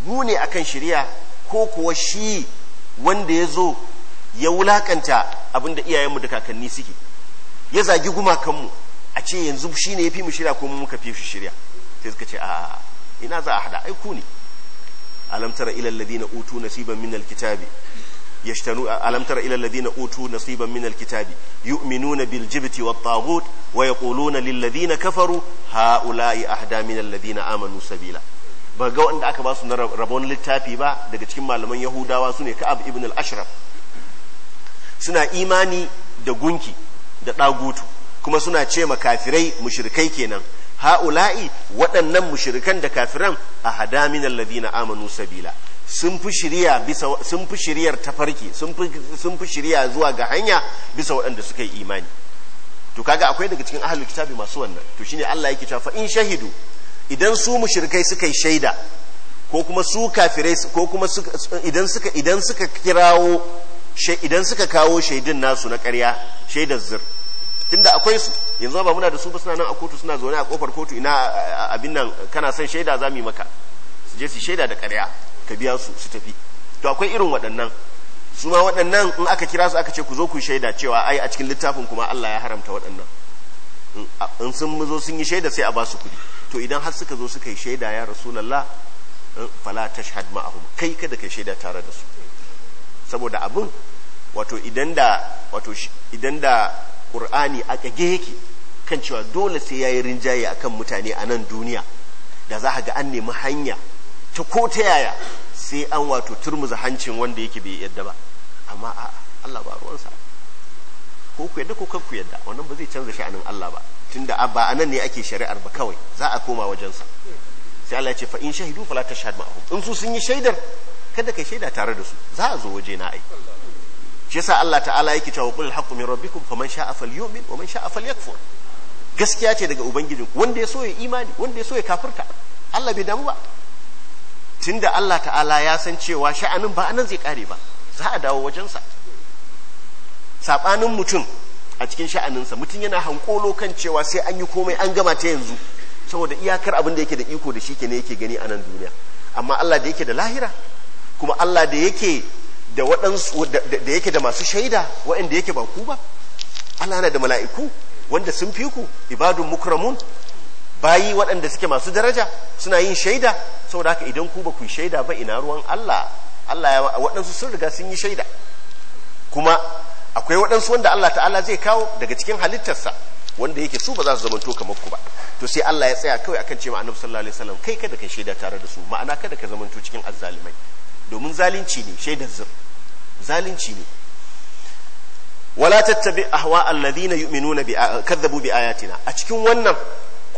mu ne akan shirya ko kuwa shi wanda ya zo ya wulakanta abin da iyayenmu da kakanni suke ya zagi gumakanmu a ce yanzu shi ne ya fi mu shirya ko muka fi shi shirya sai suka ce a ina za a hada aiku ne alam tara ila alladhina utu nasiban min kitabi. يشتنو ألم تر إلى الذين أوتوا نصيبا من الكتاب يؤمنون بالجبت والطاغوت ويقولون للذين كفروا هؤلاء أهدى من ladina amanu sabila. ba ga wanda aka ba su rabon littafi ba daga cikin malaman yahudawa su ne ka'ab ibn al-ashraf suna imani da gunki da ɗagutu kuma suna ce ma kafirai mushrikai kenan ha'ula'i waɗannan mushrikan da kafiran a hadamin ladina amanu sabila sun fi shirya bisa sun fi shiryar tafarki sun fi sun fi shirya zuwa ga hanya bisa waɗanda suka yi imani to kaga akwai daga cikin ahlul kitabi masu wannan to shine Allah yake cewa fa in shahidu idan su mushrikai suka yi shaida ko kuma su kafirai ko kuma idan suka idan suka kirawo idan suka kawo shaidin nasu na ƙarya shaidar zir tunda akwai su yanzu ba muna da su ba suna nan a kotu suna zaune a kofar kotu ina abin nan kana son shaida za mu yi maka su je su shaida da ƙarya ka biya su su tafi to akwai irin waɗannan su ma waɗannan in aka kira su aka ce ku zo ku shaida cewa ai a cikin littafin kuma Allah ya haramta waɗannan in sun zo sun yi shaida sai a ba su kuɗi to idan har suka zo suka yi shaida ya rasulullah fala tashhad ma'ahum kai kada ka shaida tare da su saboda abin wato idan da wato idan da qur'ani aka yake kan cewa dole sai yayi rinjaye akan mutane a nan duniya da za ga an nemi hanya ta ko ta yaya sai an wato turmuza hancin wanda yake bai yadda ba amma a Allah ba ruwansa ko ku yadda ko kan ku yadda wannan ba zai canza sha'anin Allah ba tunda ba anan ne ake shari'ar ba kawai za a koma wajensa sai Allah ya ce fa in shahidu fala tashhad ma'ahum in su sun yi shaidar kada kai shaida tare da su za a zo waje na ai shi yasa Allah ta'ala yake cewa qul haqqu min rabbikum faman sha'a falyu'min wa man sha'a falyakfur gaskiya ce daga ubangijin wanda ya so ya imani wanda ya so ya kafirta Allah bai damu ba tunda Allah ta'ala ya san cewa sha'anin ba anan zai kare ba za a dawo wajensa saɓanin mutum a cikin sha'aninsa mutum yana hankolo kan cewa sai an yi komai an gama ta yanzu saboda iyakar abin da yake da iko da shi ke ne yake gani a nan duniya amma Allah da yake da lahira kuma Allah da yake da waɗansu da yake da masu shaida waɗanda yake ba ku ba Allah yana da mala'iku wanda sun fi ku ibadun mukramun bayi waɗanda suke masu daraja suna yin shaida saboda haka idan ku ba ku shaida ba ina ruwan Allah Allah ya waɗansu sun riga sun yi shaida kuma akwai waɗansu wanda Allah ta'ala zai kawo daga cikin halittarsa wanda yake su ba za su to kamar ku ba to sai Allah ya tsaya kawai akan cewa annabi sallallahu alaihi wasallam kai kada ka shaida tare da su ma'ana kada ka to cikin azzalimai domin zalunci ne shaidar zur zalunci ne wala tattabi ahwa alladhina yu'minuna bi kadzabu bi ayatina a cikin wannan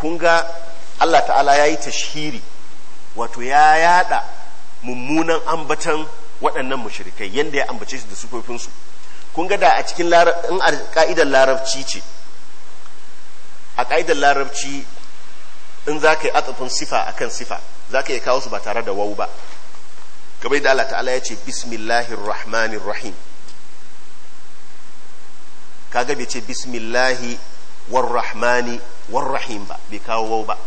kun ga Allah ta'ala ya yi tashhiri wato ya yada mummunan ambatan waɗannan mushrikai yadda ya ambace su da sufofinsu kun ga da a cikin in a ka'idar larabci ce a ka'idar larabci in za ka yi atsafin sifa a kan sifa za ka iya kawo su ba tare da wau ba kamar da Allah ta'ala ya ce bismillahir rahmanir rahim kaga bai ce bismillahi warrahmani rahmani war ba bai kawo wau ba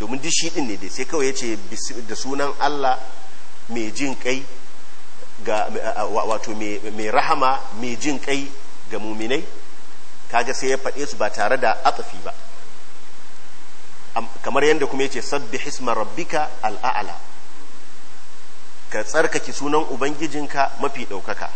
domin duk shi din ne dai sai kawai yace da sunan Allah mai jin kai ga wato mai rahama mai jin kai ga muminai kaga sai ya faɗe su ba tare da atsafi ba kamar yadda kuma ya ce sabbi hisma rabbika al'a'la ka tsarkake sunan ubangijinka mafi ɗaukaka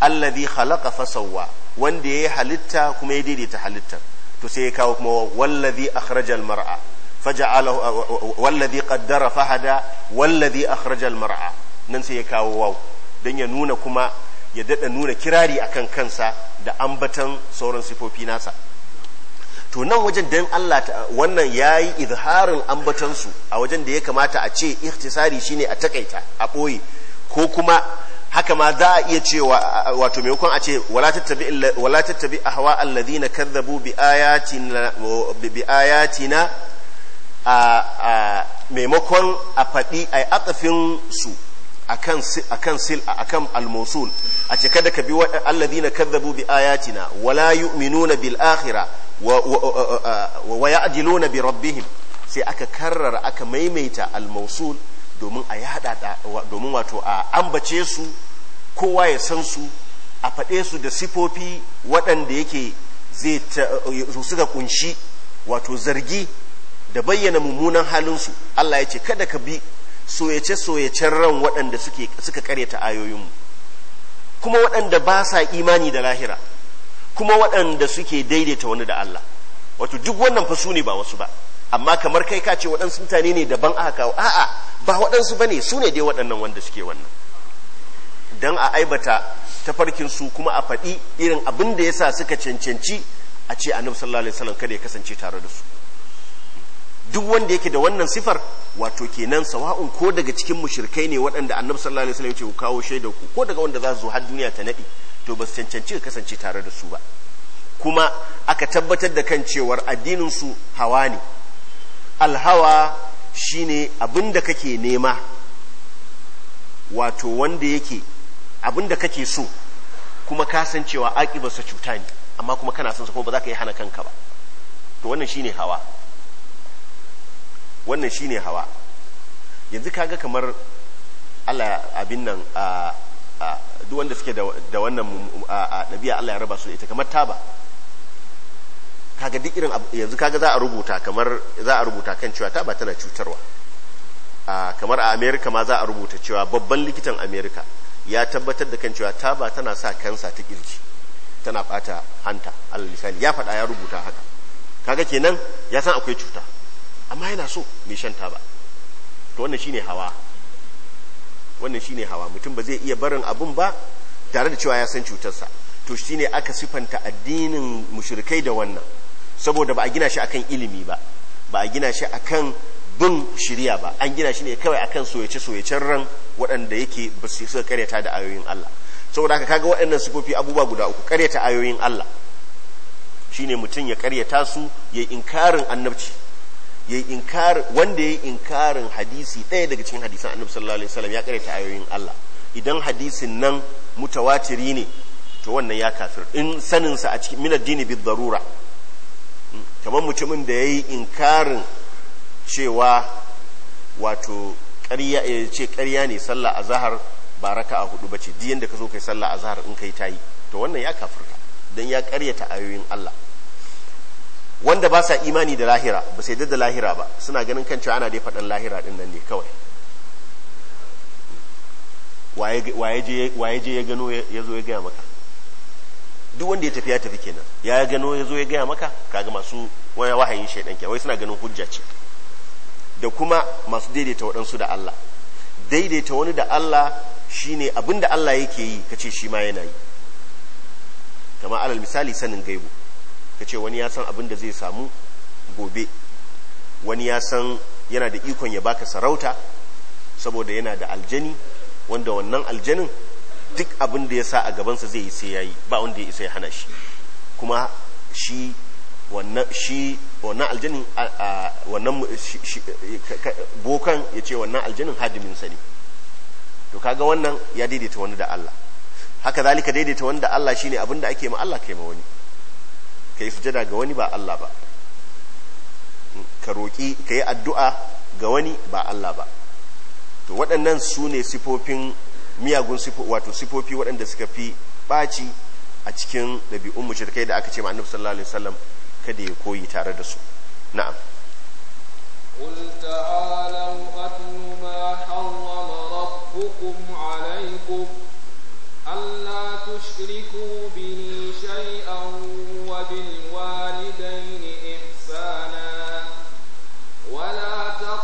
allazi khalaqa fasawwa wanda ya halitta kuma ya daidaita halittar to sai ya kawo kuma wallazi akhrajal mar'a faja'alahu wallazi qaddara fahada wallazi akhrajal mar'a nan sai ya kawo waw dan ya nuna kuma ya dada nuna kirari akan kansa da ambatan sauran sifofi nasa to nan wajen dan Allah wannan yayi izharin ambatan su a wajen da ya kamata a ce ikhtisari shine a takaita a boye ko kuma haka ma za a iya cewa wato maimakon a ce wala tattabi ahwa alladhina kadzabu bi ayatina bi a maimakon a faɗi a su akan akan sil akan almosul a ce kada ka bi alladhina kazzabu bi ayatina wala yu'minuna bil akhirah wa ya'diluna bi rabbihim sai aka karrara aka maimaita almosul domin a yada domin wato a ambace su kowa ya san su a faɗe su da sifofi waɗanda yake zai suka kunshi wato zargi da bayyana mummunan halinsu Allah ya ce kada ka bi soyace-soyacen ran waɗanda suka karyata ayoyinmu kuma waɗanda ba sa imani da lahira kuma waɗanda suke daidaita wani da Allah wato duk wannan fa su ne ba wasu ba amma kamar kai ka ce waɗansu mutane ne daban aka kawo a'a ba waɗansu ba ne su ne dai waɗannan wanda suke wannan don a aibata tafarkin su kuma a faɗi irin abin da ya sa suka cancanci a ce a sallallahu alaihi wasallam kada ya kasance tare da su duk wanda yake da wannan sifar wato kenan sawa'un ko daga cikin mushrikai ne waɗanda annabi sallallahu alaihi wasallam ce ku kawo shaida ku ko daga wanda za su zo har duniya ta naɗi to ba su cancanci ka kasance tare da su ba kuma aka tabbatar da kan cewar addinin su hawa ne alhawa shine abinda kake nema wato wanda yake abinda kake so kuma ka san cewa aƙibarsa cuta ne amma kuma kana son kuma ba za ka yi hana kanka ba to wannan shine hawa wannan shine hawa yanzu kaga kamar Allah abin nan a duk wanda suke da wannan ɗabi'a Allah ya raba su da ita kamar taba kaga duk irin yanzu kaga za a rubuta kamar za a rubuta kan cewa ta ba tana cutarwa a kamar a America ma za a rubuta cewa babban likitan America ya tabbatar da kan cewa ta ba tana sa kansa ta kirji tana bata hanta alal misali ya faɗa ya rubuta haka kaga kenan ya san akwai cuta amma yana so mai shan taba to wannan shine hawa wannan shine hawa mutum ba zai iya barin abun ba tare da cewa ya san cutarsa to shine aka sifanta addinin mushrikai da wannan saboda ba a gina shi akan ilimi ba ba a gina shi akan bin shirya ba an gina shi ne kawai akan soyace soyacen ran waɗanda yake ba su suka karyata da ayoyin Allah saboda haka kaga waɗannan sifofi abubuwa guda uku karyata ayoyin Allah shine mutum ya karyata su ya inkarin annabci ya inkar wanda ya inkarin hadisi ɗaya daga cikin hadisan annabi sallallahu alaihi wasallam ya karyata ayoyin Allah idan hadisin nan mutawatiri ne to wannan ya kafir in saninsa a cikin min bid darura kamar mutumin da ya yi inkarin cewa wato ƙarya eh, ce ƙarya ne sallah a zahar ba a hudu bace diyan da ka zo kai sallah a zahar in kai ta yi to wannan ya kafirta don ya ƙaryata ayoyin Allah wanda ba sa imani da lahira ba sai da lahira ba suna ganin kan cewa ana dai faɗan lahira ɗin nan ne kawai waye je ya gano ya zo ya gaya maka duk wanda ya tafi ya tafi kenan ya gano ya zo ya gaya maka kaga masu wahayin shaidan wai suna ganin hujja ce da kuma masu daidaita waɗansu da Allah daidaita wani da Allah shine abin da Allah yake yi kace shi ma yana yi kamar alal misali sanin gaibu kace wani ya san abin da zai samu gobe wani ya san yana da ikon ya baka sarauta saboda yana da aljani wanda wannan aljanin duk abin da ya sa a gabansa zai yi sai ya yi ba wanda ya isa ya hana shi kuma shi wannan shi wannan aljanin wannan bokan ya ce wannan aljanin hadiminsa ne to kaga wannan ya daidaita wani da Allah haka zalika daidaita wani da Allah shine abin da ake ma Allah kai ma wani ka yi sujada ga wani ba Allah ba ka roƙi ka yi addu'a ga wani ba Allah ba to waɗannan su ne sifofin miyagun wato sifofi waɗanda suka fi ɓaci a cikin ɗabi'un mushrikai da aka ce ma sallallahu alaihi wasallam kada ya koyi tare da su na'am قل تعالوا أتل ما حرم ربكم عليكم ألا تشركوا به شيئا وبالوالدين إحسانا ولا تقربوا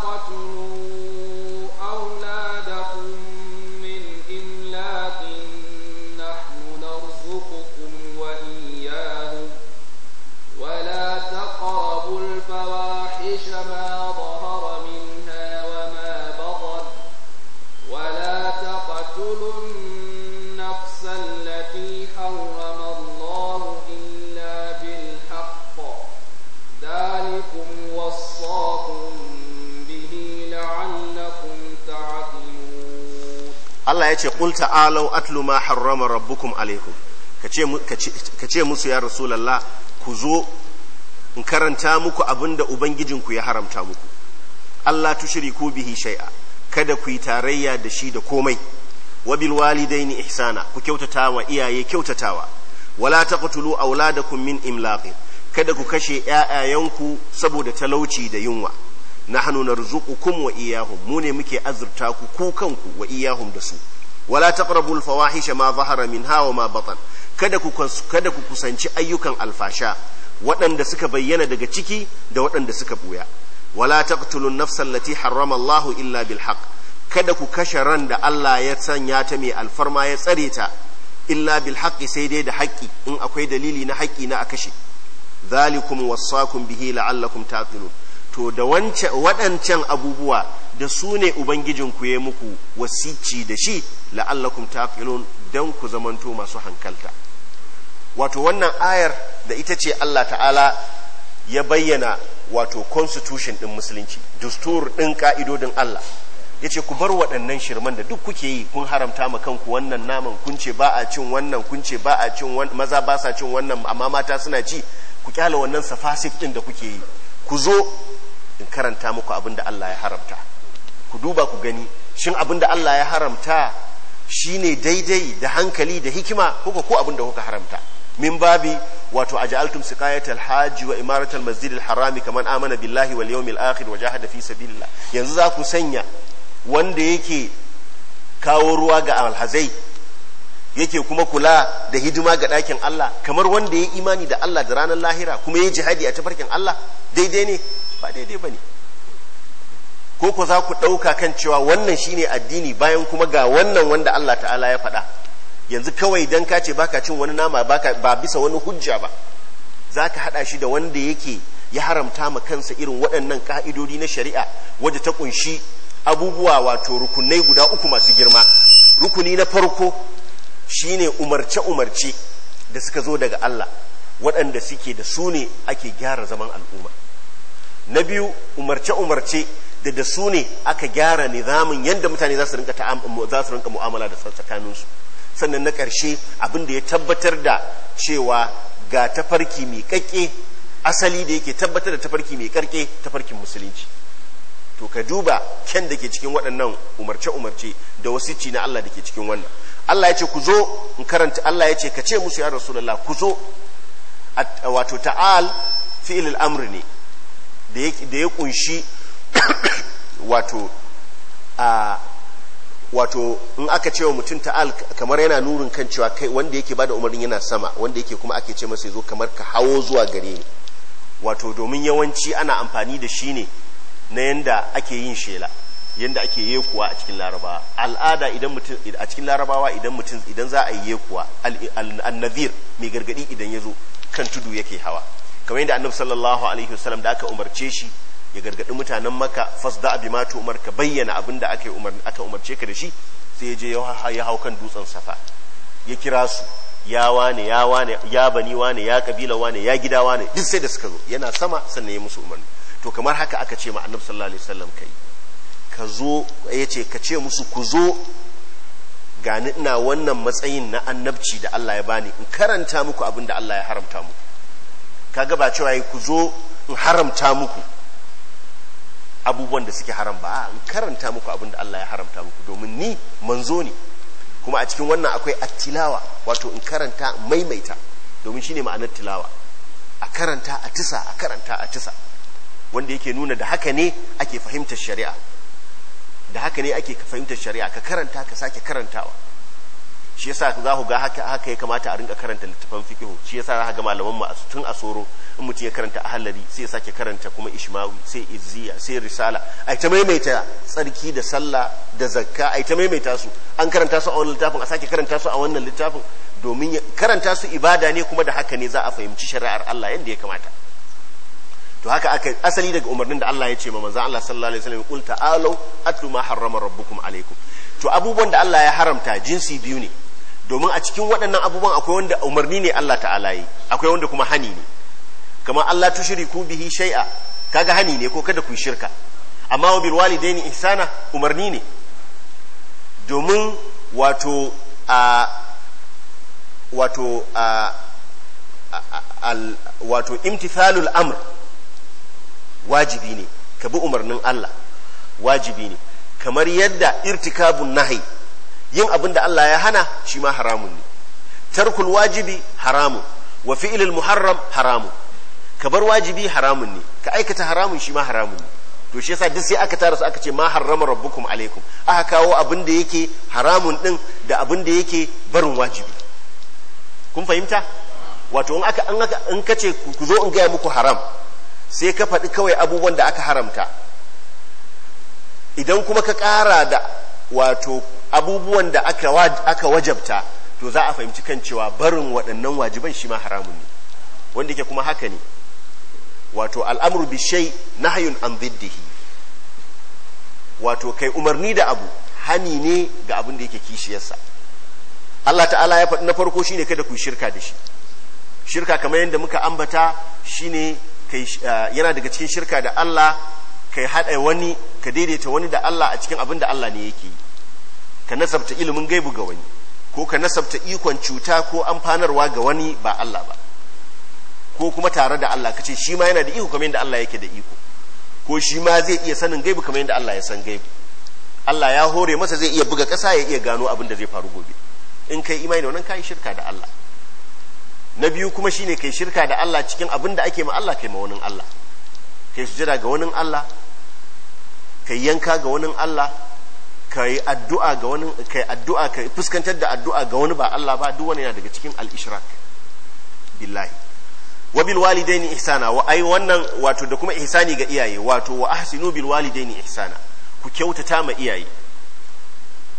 ce qul ta'alu atlu ma harrama rabbukum alaikum ka ce musu ya rasulullah ku zo in karanta muku abinda ubangijinku ya haramta muku Allah tushriku bihi shay'a kada ku yi tarayya da shi da komai wa bil walidaini ihsana ku kyautata wa iyaye kyautatawa wala taqtulu auladakum min imlaqin kada ku kashe ƴaƴayanku saboda talauci da yunwa nahnu narzuqukum wa iyyahum mu ne muke azurta ku ku kanku wa iyyahum da su wala taqrabu al-fawahisha ma zahara minha wa ma batan kada ku kada ku kusanci ayyukan alfasha waɗanda suka bayyana daga ciki da waɗanda suka buya wala taqtulun nafsa allati harrama Allah illa bil haqq kada ku kashe ran da Allah ya sanya ta mai alfarma ya tsare ta illa bil haqqi sai dai da haƙƙi in akwai dalili na haƙƙi na a kashe dhalikum wassakum bihi la'allakum taqilun to da waɗancan abubuwa da su ne ubangijinku ya muku wasici da shi la'allakum taqilun dan ku zamanto masu hankalta wato wannan ayar da ita ce Allah ta'ala ya bayyana wato constitution din musulunci dustur din ka'idodin Allah ya ce ku bar waɗannan shirman da duk kuke yi kun haramta ma kanku wannan naman kun ce ba a cin wannan kun ce ba a cin maza ba sa cin wannan amma mata suna ci ku kyala wannan safasif ɗin da kuke yi ku zo in karanta muku abin da Allah ya haramta ku duba ku gani shin abin da Allah ya haramta shine daidai da hankali da hikima kuka ko abin da kuka haramta min babi wato aj'altum siqayatal hajji wa imaratal masjidil harami kaman amana billahi wal yawmil akhir wa jahada fi sabilillah yanzu za ku sanya wanda yake kawo ruwa ga alhazai yake kuma kula da hidima ga ɗakin Allah kamar wanda ya imani da Allah da ranar lahira kuma ya jihadi a tafarkin Allah daidai ne ba daidai ba ne ko ku za ku ɗauka kan cewa wannan shine addini bayan kuma ga wannan wanda Allah ta'ala ya faɗa yanzu kawai dan ka ce baka cin wani nama ka ba bisa wani hujja ba za ka haɗa shi da wanda yake ya haramta ma kansa irin waɗannan ƙa'idodi na shari'a wadda ta ƙunshi abubuwa wato rukunai guda uku masu girma rukuni na farko shine umarce-umarce da suka zo daga Allah waɗanda suke da su ne ake gyara zaman al'umma na biyu umarce-umarce da da su ne aka gyara nizamin yadda mutane za su rinka mu'amala da tsakaninsu sannan na ƙarshe abin da ya tabbatar da cewa ga tafarki mai ƙaƙƙe asali da yake tabbatar da tafarki mai ƙarƙe tafarkin musulunci to ka duba kyan da ke cikin waɗannan umarce-umarce da ci na Allah da ke cikin wannan Allah ya ce ku zo in karanta Allah ya ce ka ce musu ya rasulullah ku zo wato ta'al fi'il al ne da ya kunshi wato a wato in aka ce wa mutum ta'al kamar yana nurin kan cewa kai wanda yake bada umarnin yana sama wanda yake kuma ake ce masa zo kamar ka hawo zuwa gare ni wato domin yawanci ana amfani da shi ne na yanda ake yin shela yanda ake yekuwa a cikin larabawa al'ada idan mutum a cikin larabawa idan mutum idan za a yi yekuwa al-nadhir mai gargadi idan ya zo kan tudu yake hawa kamar yadda annabi sallallahu alaihi wasallam da aka umarce shi ya gargadi mutanen maka fasda bi ma umar ka bayyana abin da aka umar aka umarce ka da shi sai ya je ya hau kan dutsen safa ya kira su ya wane ya wane ya bani wane ya kabila wane ya gida wane duk sai da suka zo yana sama sannan ya musu umarni to kamar haka aka ce ma annabi sallallahu alaihi wasallam kai ka zo ya ce ka ce musu ku zo gani ina wannan matsayin na annabci da Allah ya bani in karanta muku abin da Allah ya haramta muku kaga ba cewa ku zo in haramta muku abubuwan da suke haram ba in karanta muku abin da Allah ya haramta muku domin ni manzo ne kuma a cikin wannan akwai attilawa wato in karanta maimaita domin shine ma'anar tilawa a karanta a tisa a karanta a tisa wanda yake nuna da haka ne ake fahimtar shari'a da haka ne ake fahimtar shari'a ka karanta ka sake karantawa shi yasa za ku ga haka haka ya kamata a rinka karanta littafan fiqh shi yasa za ga malaman mu tun a soro in mutum ya karanta ahlari sai ya sake karanta kuma ishmawi sai izziya sai risala ai ta maimaita tsarki da sallah da zakka ai ta maimaita su an karanta su a wannan littafin a sake karanta su a wannan littafin domin karanta su ibada ne kuma da haka ne za a fahimci shari'ar Allah yadda ya kamata to haka aka asali daga umarnin da Allah ya ce ma manzo Allah sallallahu alaihi wasallam qul ta'alu atlu ma harrama rabbukum alaikum to abubuwan da Allah ya haramta jinsi biyu ne domin a cikin waɗannan abubuwan akwai wanda umarni ne Allah ta'ala yi akwai wanda kuma hani ne kamar Allah ku bihi shay'a kaga hani ne ko kada ku shirka amma wa bil walidaini ihsana umarni ne domin wato a wato a al wato imtithalul amr wajibi ne ka bi umarnin Allah wajibi ne kamar yadda irtikabun nahi yin abin da Allah ya hana shi ma haramun ne tarkul wajibi haramun wa fi'ilul muharram haramun ka bar wajibi haramun ne ka aikata haramun shi ma haramun ne to shi yasa duk sai aka tara su aka ce ma harrama rabbukum alaikum aka kawo abin da yake haramun din da abin da yake barin wajibi kun fahimta wato in aka in ka ku zo in gaya muku haram sai ka faɗi kawai abubuwan da aka haramta idan kuma ka ƙara da wato abubuwan da aka wajabta to za a fahimci kan cewa barin waɗannan wajiban shi ma haramun ne wanda ke kuma haka ne wato al'amur bishai shay nahyun an diddihi wato kai umarni da abu hani ne ga abin da yake kishiyarsa Allah ta'ala ya faɗi na farko shine kada ku shirka da shi shirka kamar yadda muka ambata shine kai eh, yana daga cikin shirka da Allah kai haɗa wani ka daidaita wani da Allah a cikin abin da Allah ne yake ka nasabta ilimin gaibu ga wani ko ka nasabta ikon cuta ko amfanarwa ga wani ba Allah ba ko kuma tare da Allah ka ce shi ma yana da iko kamar yadda Allah yake da iko ko shi ma zai iya sanin gaibu kamar yadda Allah ya san gaibu Allah ya hore masa zai iya buga ƙasa ya iya gano abin da zai faru gobe in kai imani da wannan kai shirka da Allah na biyu kuma shine kai shirka da Allah cikin abin da ake ma Allah kai ma wani Allah kai sujada ga wani Allah ka yi yanka ga wani Allah ka yi addu'a ga wani yi addu'a ka fuskantar da addu'a ga wani ba Allah ba duk wani yana daga cikin al’ishirak billahi wa bil walidaini ihsana wa ai wannan wato da kuma ihsani ga iyaye wato wa ahsinu bil walidaini ihsana ku kyautata ma iyaye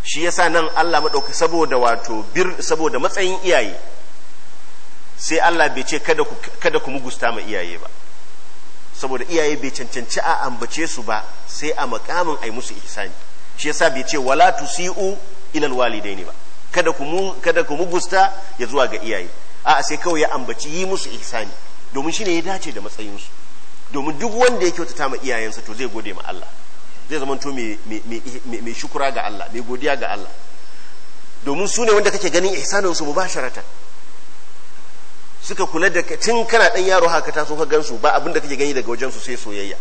shi yasa nan Allah madauka saboda wato bir saboda matsayin iyaye sai Allah bai ce kada ku kada ku mugusta ma iyaye ba saboda iyaye bai cancanci a ambace su ba sai a makamin ai musu ihsani shi yasa bai ce wala tusiu ila ne ba kada ku kada ku mugusta ya zuwa ga iyaye a sai kawai ya ambaci yi musu ihsani domin shine ya dace da matsayin su domin duk wanda ya kyautata ma iyayensa to zai gode ma Allah zai zama to mai shukura ga Allah mai godiya ga Allah domin su ne wanda kake ganin ihsanin su mubasharatan suka kula da tun kana dan yaro haka taso ka gansu ba abin da kake gani daga wajensu sai soyayya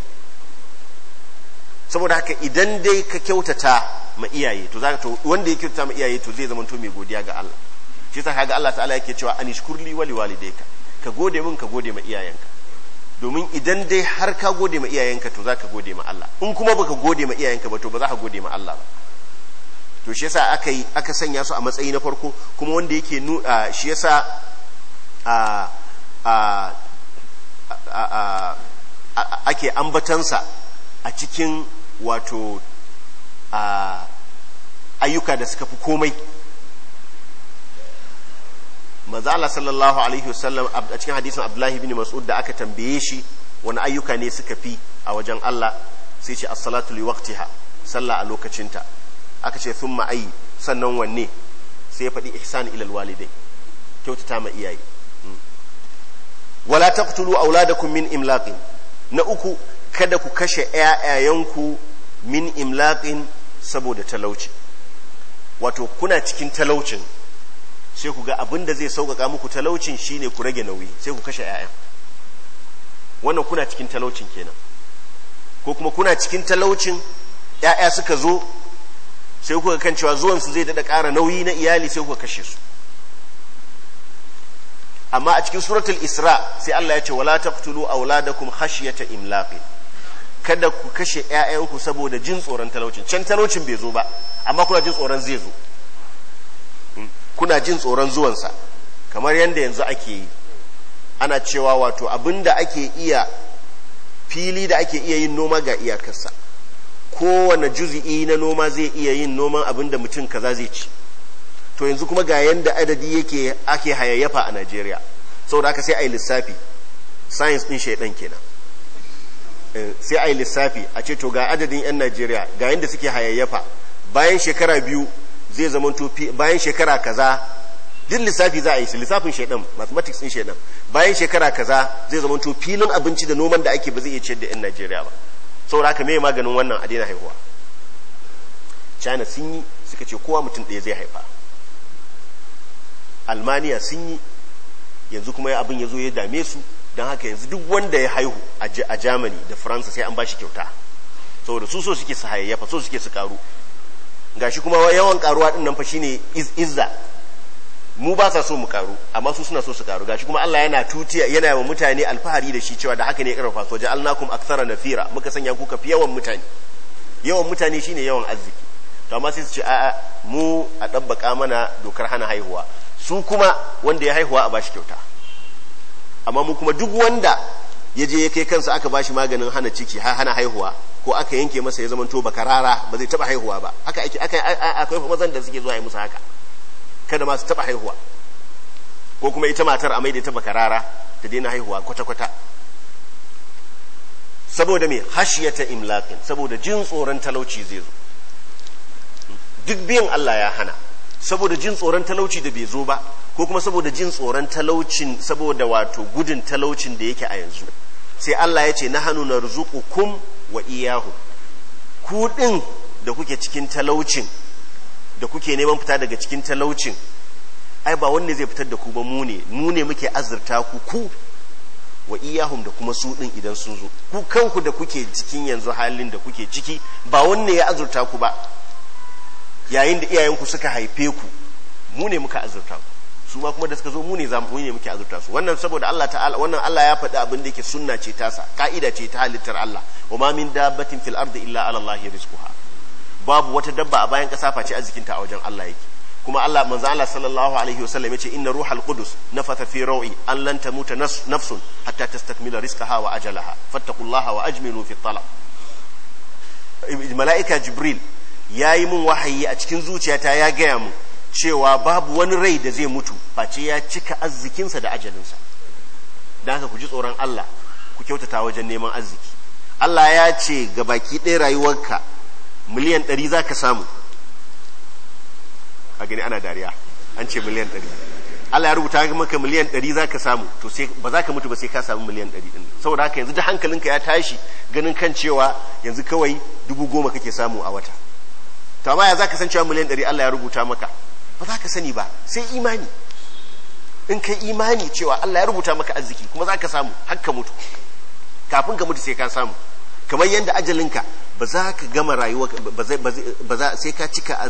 saboda haka idan dai ka kyautata ma iyaye to zaka to wanda ya kyautata ma iyaye to zai zama to mai godiya ga Allah shi yasa kaga Allah ta'ala yake cewa anishkurli wali walidayka ka gode min ka gode ma iyayenka domin idan dai har ka gode ma iyayenka to zaka gode ma Allah in kuma baka gode ma iyayenka ba to ba za ka gode ma Allah ba to shi yasa aka aka sanya su a matsayi na farko kuma wanda yake shi yasa ake ambatansa a cikin wato ayyuka da suka fi komai mazala sallallahu alaihi wasallam a cikin hadisin abdullahi bin mas'ud da aka tambaye shi wani ayyuka ne suka fi a wajen Allah sai ce as-salatu li waqtiha sallah a lokacinta aka ce thumma ayi sannan wanne sai ya faɗi ihsan ila alwalidai kyautata ma iyaye wala taqtulu auladakum min imlaqin na uku kada ku kashe ƴaƴayenku min imlaqin saboda talauci wato kuna cikin talaucin sai ku ga abin da zai sauƙaƙa muku talaucin shine ku rage nauyi sai ku kashe ƴaƴan wannan kuna cikin talaucin kenan ko kuma kuna cikin talaucin ƴaƴa suka zo sai kuka kan cewa zuwansu zai daɗa ƙara nauyi na iyali sai kuka kashe su amma a cikin suratul isra sai Allah ya ce wala taqtulu auladakum khashyata imlaqi kada ku kashe ƴaƴanku saboda jin tsoron talaucin can talaucin bai zo ba amma kuna jin tsoron zai zo hmm? kuna jin tsoron zuwansa kamar yadda yanzu ake yi ana cewa wato abinda ake iya fili da ake iya yin noma ga iyakarsa kowane juzi'i na noma zai iya yin noman abinda mutum kaza zai ci to yanzu kuma ga yanda adadi yake ake hayayyafa a Najeriya saboda haka sai a yi lissafi science din shaidan kenan eh, sai a yi lissafi a ce to ga adadin 'yan Najeriya ga yanda suke hayayyafa bayan shekara biyu zai zama bayan shekara kaza din lissafi za a yi su lissafin shaidan mathematics din shaidan bayan shekara kaza zai zama to filin abinci da noman da ake ba zai iya ciyar da 'yan Najeriya ba saboda haka me maganin wannan a daina haihuwa china sun yi suka ce kowa mutum ɗaya zai haifa almaniya sun yi yanzu kuma abin ya zo ya dame su don haka yanzu duk wanda ya haihu a germany da faransa sai an ba shi kyauta saboda su so suke su hayayyafa so suke su karu gashi kuma yawan karuwa din nan fa shine izza mu ba sa so mu karu amma su suna so su karu gashi kuma Allah yana tutiya yana wa mutane alfahari da shi cewa da haka ne karfafa so ja'alnakum aktsara nafira muka sanya ku kafi yawan mutane yawan mutane shine yawan arziki to amma sai su ce a'a mu a dabbaka mana dokar hana haihuwa su kuma wanda ya haihuwa a bashi kyauta amma mu kuma duk wanda ya je ya kai kansa aka bashi maganin hana ciki hana haihuwa ko aka yanke masa ya zama to bakarara ba zai taba haihuwa ba haka ake akwai mazan da suke zuwa yi musu haka kada ma su taba haihuwa ko kuma ita matar a mai da ta bakarara ta daina haihuwa kwata-kwata saboda me hashiyata imlaqin saboda jin tsoron talauci zai zo duk biyan Allah ya hana saboda jin tsoron talauci da bai zo ba ko kuma saboda jin tsoron talaucin saboda wato gudun talaucin da yake a yanzu sai Allah ya ce na hannu na ruzuku kum wa iyahu ku ɗin da kuke cikin talaucin da kuke neman fita daga cikin talaucin ai ba wanne zai fitar da ku ba mu ne mu ne muke azurta ku ku wa iyahum da kuma su ɗin idan sun zo ku kanku da kuke cikin yanzu halin da kuke ciki ba wanne ya azurta ku ba yayin da iyayenku suka haife ku mu ne muka azurta ku su ma kuma da suka zo mu ne mu ne muke azurta su wannan saboda Allah ta'ala wannan Allah ya faɗi abin da yake sunna ce tasa ka'ida ce ta halittar Allah wa ma min dabbatin fil ardi illa ala Allah rizquha babu wata dabba a bayan kasa face arzikin ta a wajen Allah yake kuma Allah manzo Allah sallallahu alaihi wasallam yace inna ruhal qudus nafatha fi rawi an lan tamuta nafsun hatta tastakmila rizqaha wa ajalaha fattaqullaha wa ajmilu fi talab mala'ika jibril ya yi min wahayi a cikin zuciyata ya gaya mu cewa babu wani rai da zai mutu face ya cika arzikinsa da ajalinsa don haka ku ji tsoron Allah ku kyautata wajen neman arziki Allah ya ce ga baki ɗaya rayuwarka miliyan ɗari za ka samu a gani ana dariya an ce miliyan ɗari Allah ya rubuta maka miliyan ɗari za ka samu to sai ba za ka mutu ba sai ka samu miliyan ɗari ɗin saboda haka yanzu da hankalinka ya tashi ganin kan cewa yanzu kawai dubu goma kake samu a wata ta baya ya ka san cewa miliyan ɗari Allah ya rubuta maka ba za ka sani ba sai imani in kai imani cewa Allah ya rubuta maka arziki kuma za ka samu har ka mutu kafin ka mutu sai ka samu kamar yadda ajalinka ba za ka gama rayuwa ba za sai ka cika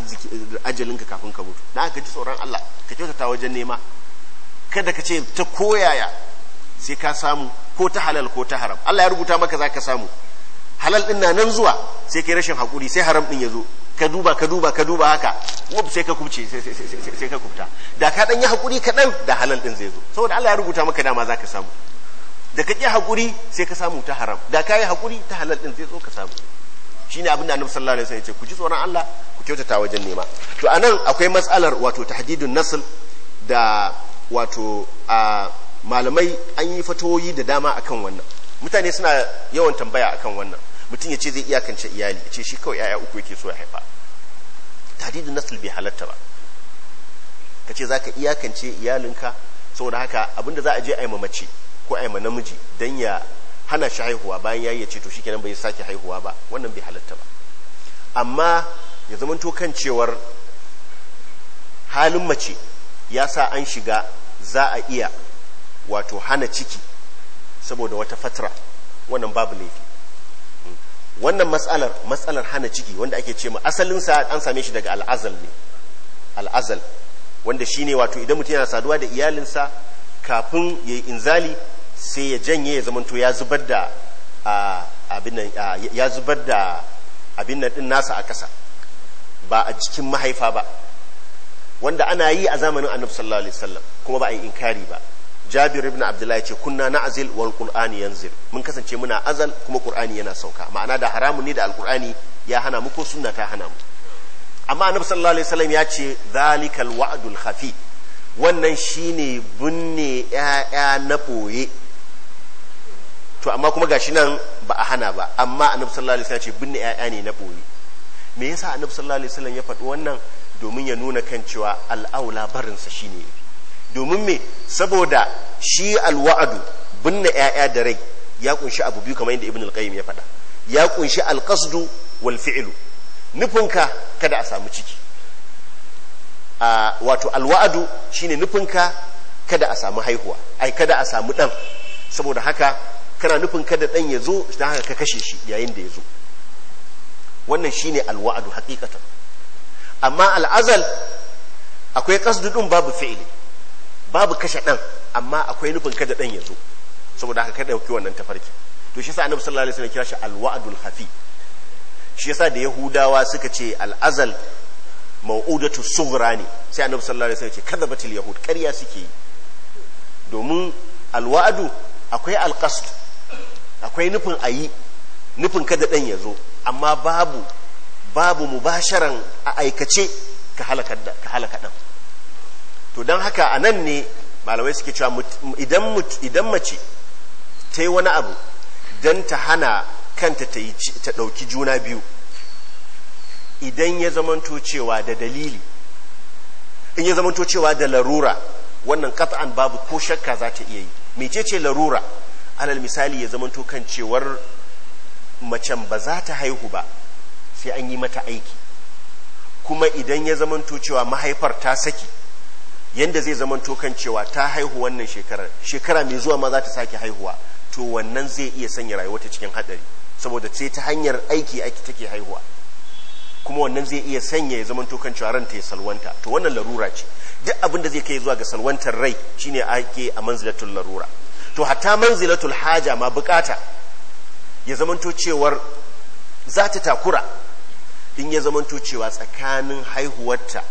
ajalinka kafin ka mutu na ka ji tsoron Allah ka kyautata wajen nema kada ka ce ta koyaya sai ka samu ko ta halal ko ta haram Allah ya rubuta maka za ka samu halal din na nan zuwa sai kai rashin hakuri sai haram din ya zo ka duba ka duba ka duba haka wub sai ka kubce sai ka kubta da ka dan yi hakuri kaɗan da halal din zai zo saboda Allah ya rubuta maka dama zaka samu da ka ƙi hakuri sai ka samu ta haram da ka yi hakuri ta halal din zai zo ka samu shine abin da annabi sallallahu alaihi wasallam ya ce ku ji tsoron Allah ku kyautata wajen nema to anan akwai matsalar wato tahdidun nasl da wato a malamai an yi fatoyi da dama akan wannan mutane suna yawan tambaya akan wannan mutum ya ce zai iyakance iyali ya ce shi kawai yaya uku yake so ya haifa tadidin nasl bai halatta ba ka ce za iyakance iyalinka saboda haka abinda za a je aima mace ko aima namiji Dan ya hana shi haihuwa bayan ya yi ya ce to shikenan bai sake haihuwa ba wannan bai halatta ba amma ya zama to kan cewar halin mace ya sa an shiga za a iya wato hana ciki saboda wata fatara wannan babu laifi wannan matsalar matsalar hana ciki wanda ake ce ma asalinsa an same shi daga al'azal ne al'azal wanda shi ne wato idan mutum yana saduwa da iyalinsa kafin ya yi inzali sai ya janye ya zamanto ya zubar da abin ya zubar da abin nan din nasa a ƙasa ba a cikin mahaifa ba wanda ana yi a zamanin annabi sallallahu alaihi wasallam kuma ba a yi inkari ba jabir ibn abdullahi yace kunna na azil wal qur'ani yanzil mun kasance muna azal kuma qur'ani yana sauka ma'ana da haramun ne da alqur'ani ya hana mu ko sunna ta hana mu amma annabi sallallahu alaihi wasallam ya ce zalikal wa'dul khafi wannan shine bunne ya'ya na boye to amma kuma gashi nan ba a hana ba amma annabi sallallahu alaihi wasallam ce binne ya'ya ne na boye me yasa annabi sallallahu alaihi wasallam ya faɗi wannan domin ya nuna kan cewa al'aula barinsa shine domin me saboda shi alwa'adu binne ‘ya'ya da rai ya kunshi abu biyu kamar yadda ibn al-qayyim ya faɗa ya kunshi alƙasdu wal fi'lu nufinka kada a samu ciki wato alwa'adu shine nufinka kada a samu haihuwa ai kada a samu ɗan saboda haka kana nufin kada ɗan ya zo don haka ka kashe shi yayin da ya zo wannan shine alwa'adu haƙiƙatan amma al'azal akwai ƙasdu ɗin babu fi'ili babu kashe ɗan amma akwai nufin kada ɗan ya zo saboda haka kada ɗauki wannan tafarki to shi yasa annabi sallallahu alaihi wasallam kira shi alwa'dul hafi shi yasa da yahudawa suka ce al'azal mau'udatu sughra ne sai annabi sallallahu alaihi wasallam ce kadhabatil yahud ƙarya suke yi domin alwa'adu akwai alqasd akwai nufin ayi nufin kada ɗan ya zo amma babu babu mubasharan a aikace ka halaka ka halaka ɗan to don haka a nan ne malamai suke cewa idan mace ta yi wani abu don ta hana kanta ta ɗauki juna biyu idan ya zamanto cewa da dalili in ya zamanto cewa da larura wannan kat'an babu ko shakka za ta iya yi mecece larura alal misali ya zamanto kan cewar macen ba za ta haihu ba sai an yi mata aiki kuma idan ya zamanto cewa mahaifar ta saki yadda zai zama tokan cewa ta haihu wannan shekarar shekara mai zuwa ma za ta sake haihuwa to wannan zai iya sanya rayuwa ta cikin hadari saboda sai ta hanyar aiki aiki take haihuwa kuma wannan zai iya sanya ya zama tokan cewa ranta ya salwanta to wannan larura ce duk abin da zai kai zuwa ga salwantar rai shine ake a manzilatul larura to hatta manzilatul haja ma bukata ya to cewar za ta takura in ya to cewa tsakanin haihuwarta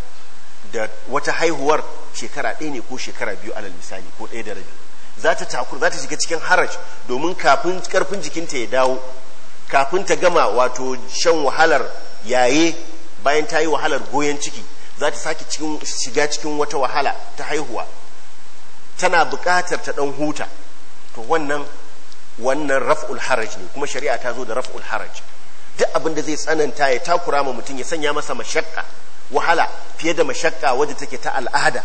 da wata haihuwar shekara ɗaya ne ko shekara biyu alal misali ko ɗaya da rabi za ta takur za ta shiga cikin haraj domin kafin karfin jikinta ya dawo kafin ta gama wato shan wahalar yaye bayan ta yi wahalar goyon ciki za ta sake shiga cikin wata wahala ta haihuwa tana buƙatar ta ɗan huta to wannan wannan raf'ul haraj ne kuma shari'a ta zo da raf'ul haraj duk abin da zai tsananta ya takura ma mutum ya sanya masa mashakka wahala fiye da mashakka wadda take ta al'ada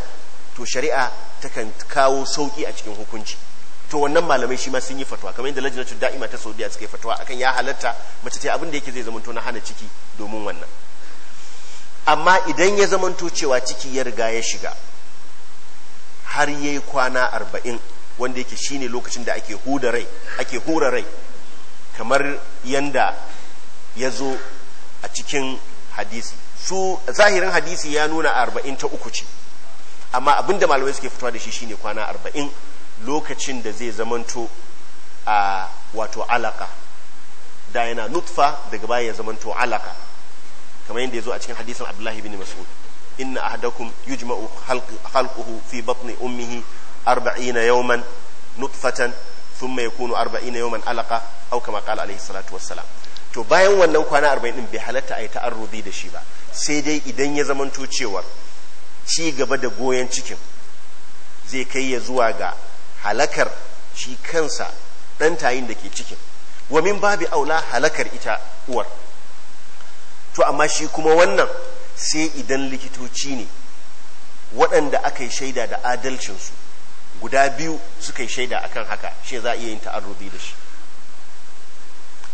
to shari'a takan kawo sauki a cikin hukunci to wannan malamai shi ma sun yi fatwa kamar yadda lajnatul da'ima ta Saudiya suka yi fatwa akan ya halatta mace ta abin da yake zai zamanto na hana ciki domin wannan amma idan ya zamanto cewa ciki ya riga ya shiga har ya yi kwana arba'in wanda yake shine lokacin da ake huda rai ake hura rai kamar yanda ya zo a cikin hadisi su zahirin hadisi ya nuna arba'in ta uku ce amma da malamai suke fitowa da shi shine kwana arba'in lokacin da zai zamanto a wato alaka da yana nutfa daga baya ya zamanto alaka kamar yadda ya zo a cikin hadisin abdullahi bin mas'ud inna ahadakum yujma'u khalquhu fi batni ummihi arba'ina yawman nutfatan thumma yakunu arba'ina yawman alaka aw kama qala alayhi salatu wassalam to bayan wannan kwana arba'in din bai halatta a yi ta'arruzi da shi ba sai dai idan ya zamanto cewar ci gaba da goyon cikin zai kai ya zuwa ga halakar shi kansa ɗan tayin da ke cikin wa min babi aula halakar ita uwar to amma shi kuma wannan sai idan likitoci ne waɗanda aka yi shaida da adalcinsu guda biyu suka yi shaida akan haka shi za a iya yin ta'arrubi da shi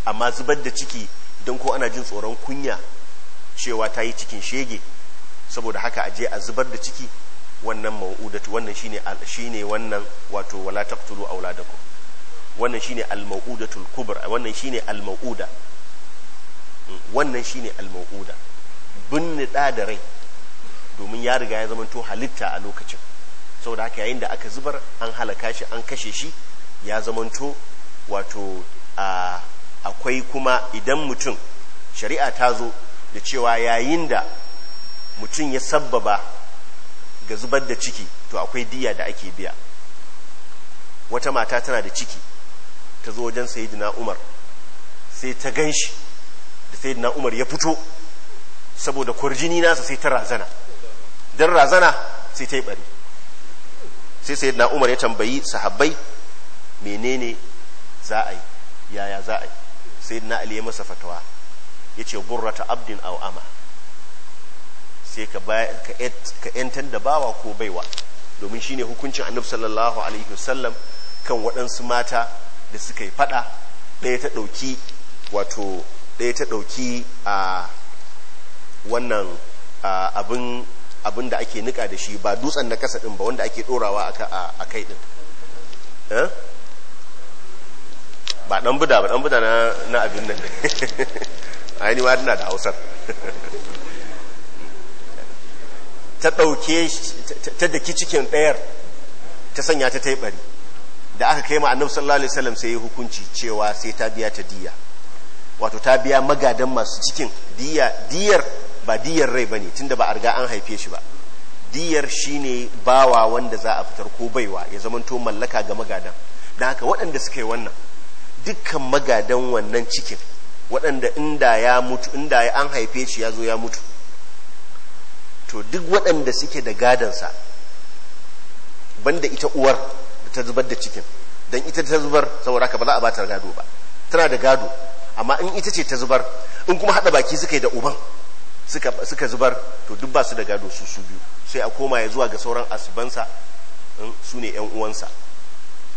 amma zubar da ciki don ko ana jin tsoron kunya cewa ta yi cikin shege saboda haka aje a zubar da ciki wannan ma'udatu wannan shine shine wannan wato wala taqtulu auladakum wannan shine al-mau'udatul kubra wannan shine al-mau'uda wannan shine al-mau'uda binne da da rai domin ya riga ya to halitta a lokacin saboda haka yayin da aka zubar an halaka shi an kashe shi ya to wato a akwai kuma idan mutum shari'a ta zo da cewa yayin da mutum ya sabbaba ga zubar da ciki to akwai diya da ake biya wata mata tana da ciki ta zo wajen sayidina umar sai ta gan shi da sayidina umar ya fito saboda kwarjini nasa sai ta razana don razana sai ta yi bari sai sayidina umar ya tambayi sahabbai menene za a yi yaya za a yi sai na ali ya masa fatawa ya yace gurrata abdin aw ama sai ka ka da bawa ko baiwa domin shi ne hukuncin annabu sallallahu alaihi wasallam kan waɗansu mata da suka yi fada ɗaya ta ɗauki wato ɗaya ta ɗauki a wannan abin abin da ake nika da shi ba dutsen na kasa ɗin ba wanda ake ɗorawa a kai ɗin eh? ba dan buda ba dan buda na na abin nan ai ma da hausar ta dauke ta daki cikin ɗayar ta sanya ta tai bari da aka kai ma annabi sallallahu alaihi wasallam sai ya hukunci cewa sai ta biya ta diya wato ta biya magadan masu cikin diya diyar ba diyar rai bane tunda ba a riga an haife shi ba diyar shine bawa wanda za a fitar ko baiwa ya zamanto mallaka ga magadan da haka waɗanda suka yi wannan dukkan magadan wannan cikin waɗanda inda ya mutu inda ya an haife shi ya zo ya mutu to duk waɗanda suke da gadansa banda ita uwar ta zubar da cikin don ita ta zubar saboda haka ba za a bata gado ba tana da gado amma in ita ce ta zubar in kuma haɗa baki suka yi da uban suka zubar to duk ba su da gado su su biyu sai a koma ya zuwa ga sauran asubansa hmm, su ne 'yan uwansa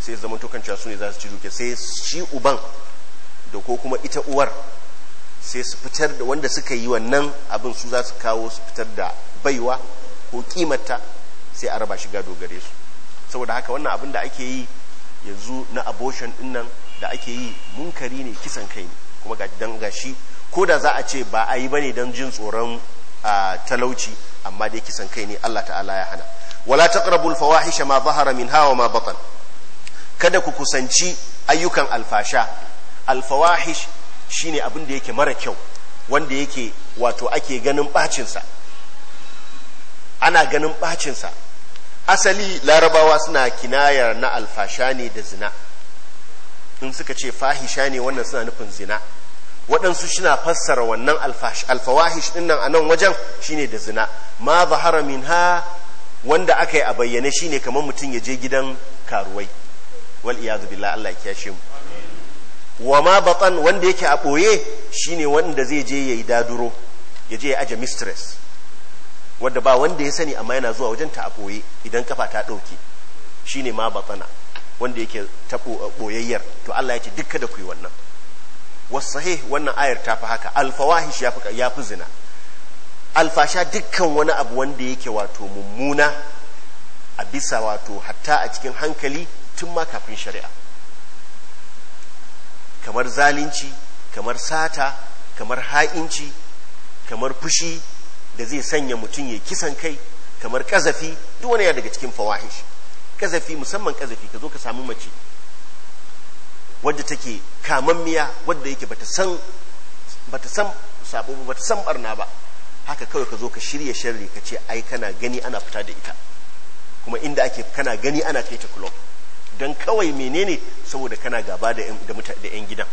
sai zaman to su ne za su ci duke sai shi uban da ko kuma ita uwar sai su fitar da wanda suka yi wannan abin su za su kawo su fitar da baiwa ko kimata sai a raba shi gado gare su saboda haka wannan abin da ake yi yanzu na abortion din nan da ake yi munkari ne kisan kai ne kuma ga dan gashi ko da za a ce ba a yi bane dan jin tsoron talauci amma dai kisan kai ne Allah ta'ala ya hana wala taqrabul fawahisha ma zahara minha wa ma batan kada ku kusanci ayyukan alfasha alfawahish shine abin da yake mara kyau wanda yake wato ake ganin bacinsa ana ganin bacinsa asali larabawa suna kinayar na alfasha ne da zina in suka ce fahisha ne wannan suna nufin zina waɗansu suna fassara wannan alfawahish ɗin nan a nan wajen shine da zina ma zahara min ha wanda aka yi a bayyane shine kamar mutum ya je gidan karuwai wal iyadu billah Allah ya kiyashe mu wa ma batan wanda yake a boye shine wanda zai je yayi daduro ya je ya aje mistress wanda ba wanda ya sani amma yana zuwa wajen ta a boye idan kafa ta dauke shine ma batana wanda yake ta boyayyar to Allah ya ce dukka da ku yi wannan wasahih wannan ayar ta fi haka alfawahish ya fi zina alfasha dukkan wani abu wanda yake wato mummuna a bisa wato hatta a cikin hankali tun ma kafin shari'a kamar zalunci kamar sata kamar ha'inci kamar fushi da zai sanya mutum ya kisan kai kamar kazafi duk wani daga cikin fawahish kazafi musamman kazafi ka zo ka samu mace wadda take kamammiya wadda yake bata san bata san bata san barna ba haka kawai ka zo ka shirya sharri ka ce ai kana gani ana fita da ita kuma inda ake kana gani ana kai ta kulon. don kawai menene saboda kana gaba da 'yan gidan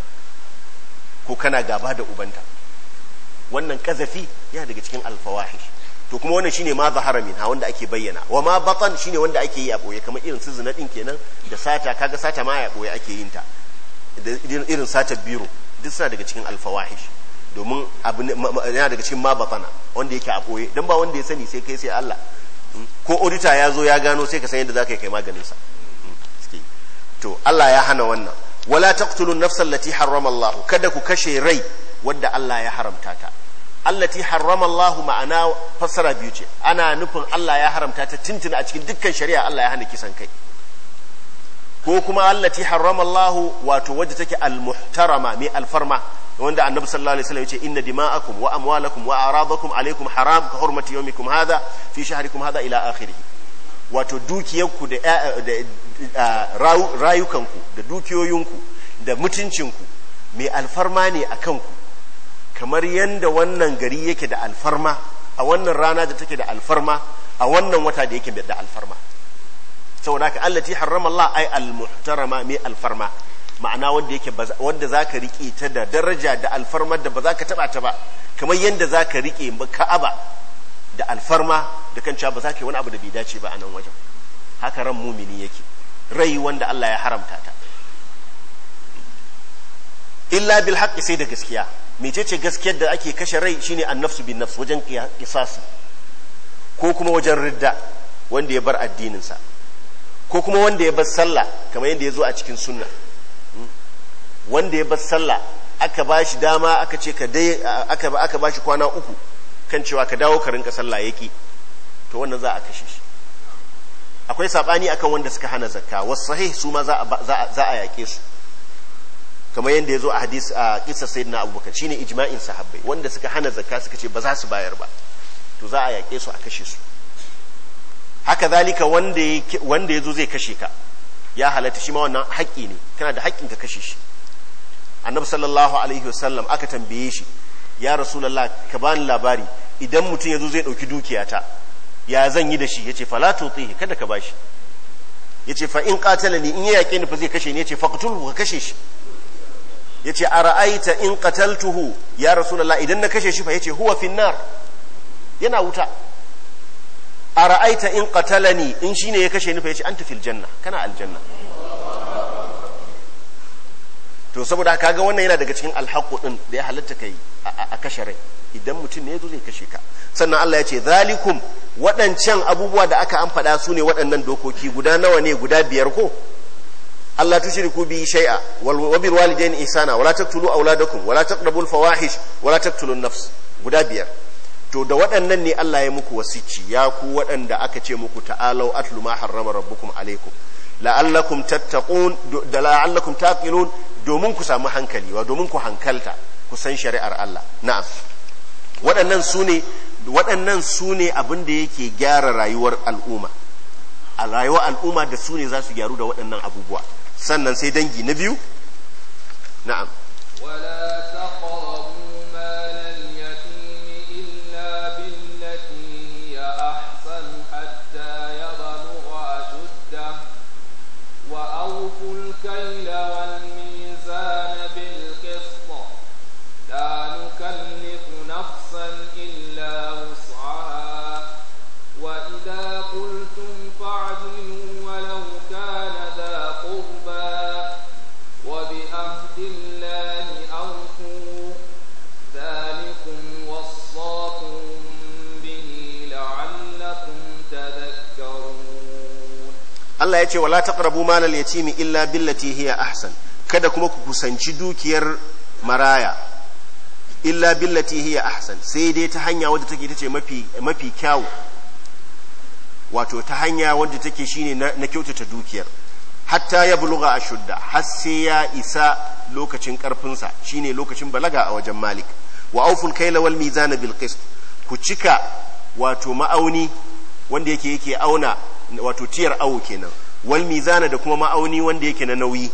ko kana gaba da ubanta wannan kazafi ya daga cikin alfawahish to kuma wannan shine ma zahara ha wanda ake bayyana wa ma batan shine wanda ake yi a boye kamar irin su zina din kenan da sata kaga sata ma a boye ake yin ta da irin sata biro duk suna daga cikin alfawahish domin abu yana daga cikin ma batana wanda yake a boye dan ba wanda ya sani sai kai sai Allah hmm? ko odita ya zo ya gano sai ka san yadda zaka kai maganin sa to Allah ya hana wannan wala taqtulun nafsan lati harrama Allah kada ku kashe rai wadda Allah ya haramta ta allati harrama Allah ma'ana fassara biyu ce ana nufin Allah ya haramta ta tintin a cikin dukkan shari'a Allah ya hana kisan kai ko kuma allati harrama Allah wato wadda take muhtarama mai alfarma wanda annabi sallallahu alaihi wasallam yace inna dima'akum wa amwalakum wa aradakum alaikum haram ka hurmati yawmikum hadha fi shahrikum hadha ila akhirih wato dukiyarku da eh, rayukanku da dukiyoyinku da mutuncinku mai alfarma ne a kanku kamar yadda wannan gari yake da alfarma a wannan rana da take da alfarma a wannan wata da yake da alfarma saboda ka allati harrama Allah ai almuhtarama mai alfarma ma'ana wanda yake wanda zaka rike ta da daraja da alfarma da ba za ka taba ta ba kamar yadda zaka rike Ka'aba da alfarma da kan cewa ba za ka yi wani abu da bai dace ba a nan wajen haka ran mumini yake rai wanda Allah ya haramta ta illa bil haqqi sai da gaskiya mecece gaskiyar da ake kashe rai shine annafsu bin nafs wajen qisasi ko kuma wajen ridda wanda ya bar addinin sa ko kuma wanda ya bar sallah kamar yadda ya zo a cikin sunna hmm? wanda ya bar sallah aka ba shi dama aka ce ka dai aka ba shi kwana uku kan cewa ka dawo ka rinka sallah yaki to wannan za a kashe shi akwai saɓani akan wanda suka hana zakka wasu sahih su ma za a yaƙe su kamar yadda ya zo a hadis a kisa sayyidina abubakar shine ijma'in sahabbai wanda suka hana zakka suka ce ba za su bayar ba to za a yaƙe su a kashe su haka zalika wanda ya zo zai kashe ka ya halatta shi ma wannan haƙƙi ne kana da haƙƙin ka kashe shi annabi sallallahu alaihi wasallam aka tambaye shi ya rasulallah ka bani labari idan mutum ya zo zai ɗauki dukiyata ya zan yi da shi ya ce fala tutihi kada ka bashi ya ce fa in qatala ni in ya yaƙe ni fa zai kashe ni ya ce faqtulhu ka kashe shi ya ce ra'aita in qataltuhu ya rasulallah idan na kashe shi fa ya ce huwa finnar yana wuta a ra'aita in qatalani in shine ya kashe ni fa ya ce anta fil janna kana aljanna to saboda kaga wannan yana daga cikin alhaqu din da ya halatta kai a kashe rai idan mutum ne zai kashe ka sannan Allah ya ce zalikum waɗancan abubuwa da aka an su ne waɗannan dokoki guda nawa ne guda biyar ko Allah tushriku bi shay'a wal wabil walidaini ihsana wala taqtulu auladakum wala taqrabul fawahish wala taqtulun nafs guda biyar to da waɗannan ne Allah ya muku wasici ya ku waɗanda aka ce muku ta'alau atlu ma harrama rabbukum alaikum la'allakum tattaqun da la'allakum taqilun domin ku samu hankali wa domin ku hankalta ku san shari'ar Allah na'am waɗannan su ne waɗannan su ne abin da yake gyara rayuwar al'umma a rayuwar al'umma da su ne za su gyaru da waɗannan abubuwa sannan sai dangi na biyu na'am وأوفوا الكيل Allah ya ce wala taqrabu malal yatimi illa billati hiya ahsan kada kuma ku kusanci dukiyar maraya illa billati hiya ahsan sai dai ta hanya wadda take tace mafi mafi kyawu wato ta hanya wadda take shine na kyautata dukiyar hatta ya buluga shudda har sai ya isa lokacin karfinsa shine lokacin balaga a wajen malik wa uful kayla wal mizana bil qist ku cika wato ma'auni wanda yake yake auna wato tiyar awo kenan wal mizana da kuma ma'auni wanda yake na nauyi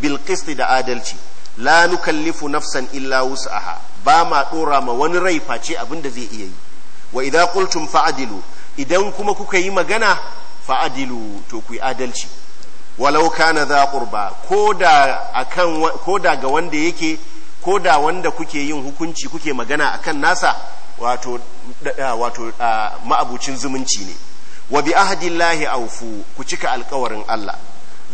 bil qisti da adalci la nukallifu nafsan illa wus'aha ba ma dora ma wani rai face abin da zai iya yi wa idza qultum fa'dilu idan kuma kuka yi magana fa'dilu to ku yi adalci walau kana za qurba koda akan koda ga wanda yake koda wanda kuke yin hukunci kuke magana akan nasa wato wato ma'abucin zumunci ne wa bi ahdillahi awfu ku cika alkawarin Allah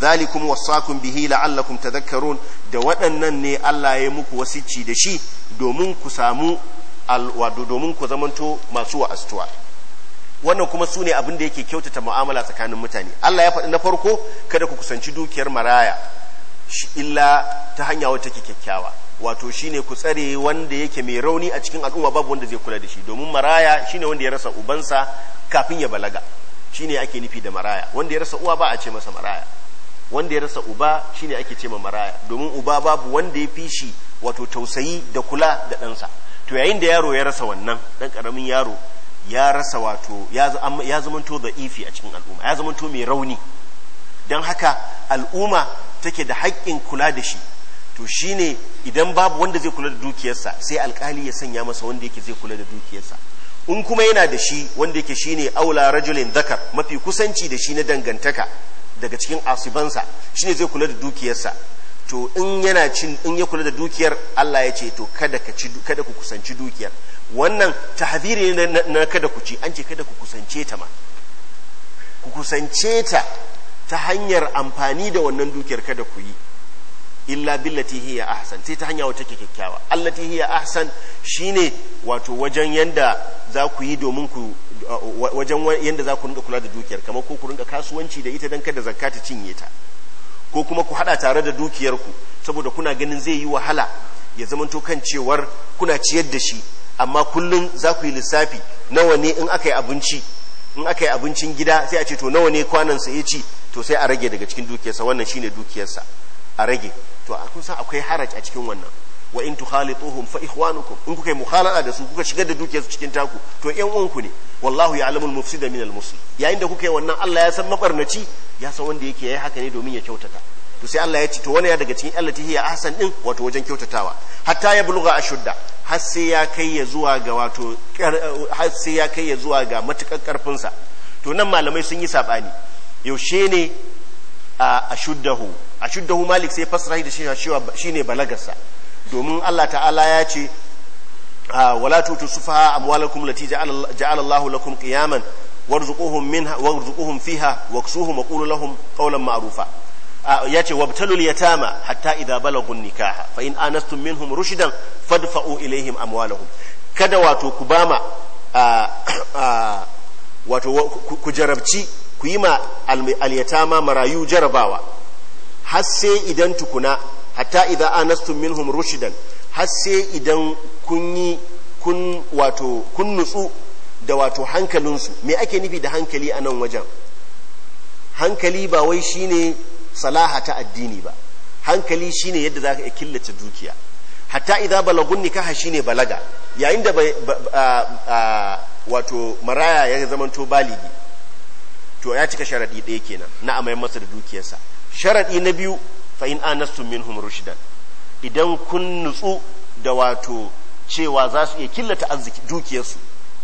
zalikum wasakum bihi la'allakum tadhakkarun da waɗannan ne Allah ya muku wasici da shi domin ku samu alwado domin ku zamanto masu wa'astuwa wannan kuma sune abin da yake kyautata mu'amala tsakanin mutane Allah ya faɗi na farko kada ku kusanci dukiyar maraya illa ta hanya wata kyakkyawa wato shine ku tsare wanda yake mai rauni a cikin al'umma babu wanda zai kula da shi domin maraya shine wanda ya rasa ubansa kafin ya balaga shine ake nufi da maraya wanda ya rasa uwa ba a ce masa maraya wanda ya rasa uba shine ake ce maraya domin uba babu wanda ya fi shi wato tausayi da kula da ɗansa to yayin da yaro ya rasa wannan ɗan ƙaramin yaro ya rasa wato ya zamanto da ifi a cikin al'umma ya zamanto mai rauni don haka al'umma take da haƙƙin kula da shi to shine idan babu wanda zai kula da dukiyarsa sai alkali ya sanya masa wanda yake zai kula da dukiyarsa in kuma yana da shi wanda yake shine aula rajulin zakar mafi kusanci da shi na dangantaka daga cikin asibansa shine zai kula da dukiyarsa to in yana cin in ya kula da dukiyar Allah ya ce to kada ka ci kada ku kusanci dukiyar wannan tahziri ne na kada ku ci an ce kada ku kusance ta ma ku kusance ta ta hanyar amfani da wannan dukiyar kada ku yi illa billati hiya ahsan sai ta hanya wata ke kyakkyawa allati hiya ahsan shine wato wajen yanda za ku yi domin ku uh, wajen yanda za ku rinka kula da dukiyar kamar ko ku rinka kasuwanci da ita dan kada zakata cinye ta ko kuma ku hada tare da dukiyar ku saboda kuna ganin zai yi wahala ya zamanto kan cewar kuna ciyar da shi amma kullun za ku yi lissafi nawa ne in aka yi abinci in aka abincin gida sai a ce to nawa ne kwanan sa ya ci to sai a rage daga cikin dukiyarsa wannan shine dukiyarsa a rage to a kun san akwai haraj a cikin wannan wa in tukhalituhum fa ikhwanukum in kuka yi mukhalala da su kuka shigar da dukiyar su cikin taku to uwan ku ne wallahu ya'lamu al-mufsida min al-muslih yayin da kuka yi wannan Allah ya san mabarnaci ya san wanda yake yayi haka ne domin ya kyautata to sai Allah ya ce to wani ya daga cikin Allah tihiya ahsan din wato wajen kyautatawa hatta ya buluga ashudda har sai ya kai ya zuwa ga wato har sai ya kai ya zuwa ga matukar karfin sa to nan malamai sun yi sabani yaushe ne a ashuddahu ashuddahu malik sai fasara da shi shine balagarsa domin Allah ta'ala ya ce wala tutu sufaha amwalakum lati ja'ala Allah lakum qiyaman warzuquhum minha warzuquhum fiha waksuhum wa qulu lahum qawlan ma'rufa yace wabtalul yatama hatta idza balagu nikaha fa in anastum minhum rushdan fadfa'u ilaihim amwalahum kada wato ku bama wato ku jarabci ku yi ma alyatama marayu jarabawa har sai idan tukuna hatta idza anastum minhum rushidan har sai idan kun yi kun wato kun nutsu da wato hankalinsu me ake nufi da hankali a nan wajen hankali ba wai shine salaha ta addini ba hankali shine yadda za ka killace dukiya hatta idza balagun nikaha shine balaga yayin da wato maraya ya zamanto baligi to ya cika sharadi ɗaya kenan na amayan masa da dukiyarsa sharadi na biyu fa in anastum minhum rushdan idan kun nutsu da wato cewa za su iya killata arziki dukiyarsu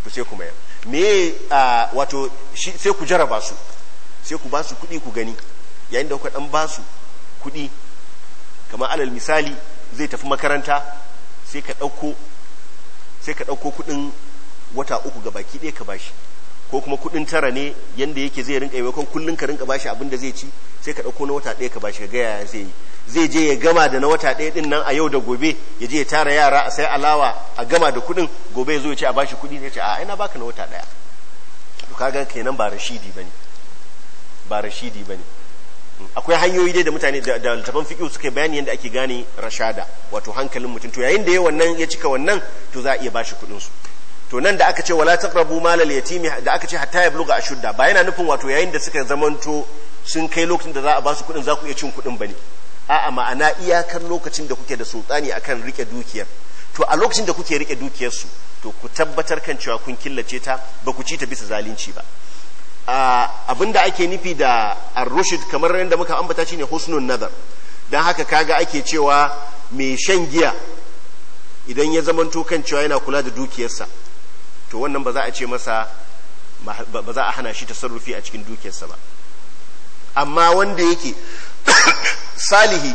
to sai ku mayar me wato sai ku jaraba su sai ku ba su kuɗi ku gani yayin da kuka dan ba su kuɗi kamar alal misali zai tafi makaranta sai ka ɗauko sai ka ɗauko kuɗin wata uku ga baki ɗaya ka bashi ko kuma kudin tara ne yadda yake zai rinka maimakon kullun ka rinka bashi abin da zai ci sai ka dauko na wata ɗaya ka bashi ga gaya zai yi zai je ya gama da na wata ɗaya din nan a yau da gobe ya je ya tara yara a sai alawa a gama da kudin gobe ya zo ya ce a bashi kudi ne ya ce a ina baka na wata ɗaya to ka kaga kenan ba rashidi bane ba rashidi bane akwai hanyoyi dai da mutane da littafan fiqh suka bayani yadda ake gane rashada wato hankalin mutum to yayin da ya wannan ya cika wannan to za a iya bashi kudin su to nan da aka ce wala taqrabu malal yatimi da aka ce hatta yabluga ashudda ba yana nufin wato yayin da suka zamanto sun kai lokacin da za a ba su kuɗin za ku iya cin kuɗin bane a'a ma'ana iyakar lokacin da kuke da sultani akan rike dukiyar to a lokacin da kuke rike dukiyar su to ku tabbatar kan cewa kun killace ta ba ku ci ta bisa zalunci ba abin da ake nufi da ar-rushd kamar yadda muka ambata shine husnul nazar dan haka kaga ake cewa mai shan giya idan ya zamanto kan cewa yana kula da dukiyarsa to wannan ba za a ce masa ba za a hana shi tasarrufi a cikin dukiyarsa ba amma wanda yake salihi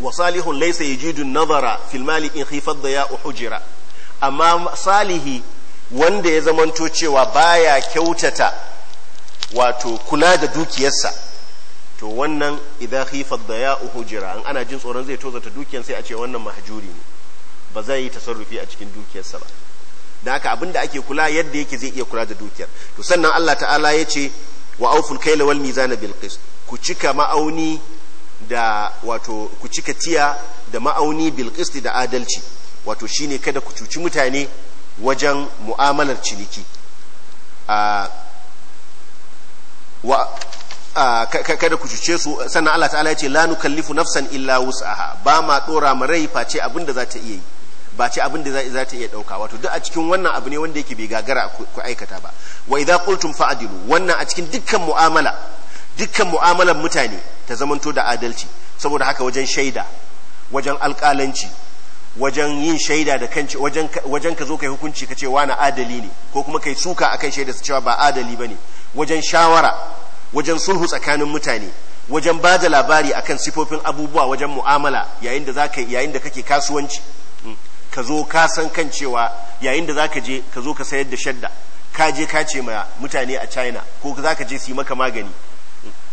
wa salihun laysa yajidu nazara fil mali in khifat ya uhujira amma salihi wanda ya zamanto cewa baya kyautata wato kula da dukiyarsa to wannan idan khifat ya uhujira an ana jin tsoron zai tozata dukiyar sai a ce wannan mahjuri ne ba zai yi tasarrufi a cikin dukiyarsa ba da haka da ake kula yadda yake zai iya kula da dukiyar to sannan Allah ta'ala ya ce wa auful kaila wal mizana bil qist ku cika ma'auni da wato ku cika tiya da ma'auni bil qist da adalci wato shine kada ku cuci mutane wajen mu'amalar ciniki a wa kada ku cuce su sannan Allah ta'ala ya ce la nukallifu nafsan illa wus'aha ba ma dora ma rai face abinda za ta iya yi ba ce abin da za ta iya dauka wato duk a cikin wannan abu ne wanda yake bai gagara ku aikata ba wa idza qultum fa'dilu wannan a cikin dukkan mu'amala dukkan mu'amalar mutane ta zamanto da adalci saboda haka wajen shaida wajen alƙalanci wajen yin shaida da kanci wajen wajen ka zo kai hukunci ka ce wani adali ne ko kuma kai suka akan shaida su cewa ba adali bane wajen shawara wajen sulhu tsakanin mutane wajen ba da labari akan sifofin abubuwa wajen mu'amala yayin da zaka yayin da kake kasuwanci ka zo ka san kan cewa yayin da zaka je ka zo ka sayar da shadda ka je ka ce ma mutane a China ko zaka je su yi maka magani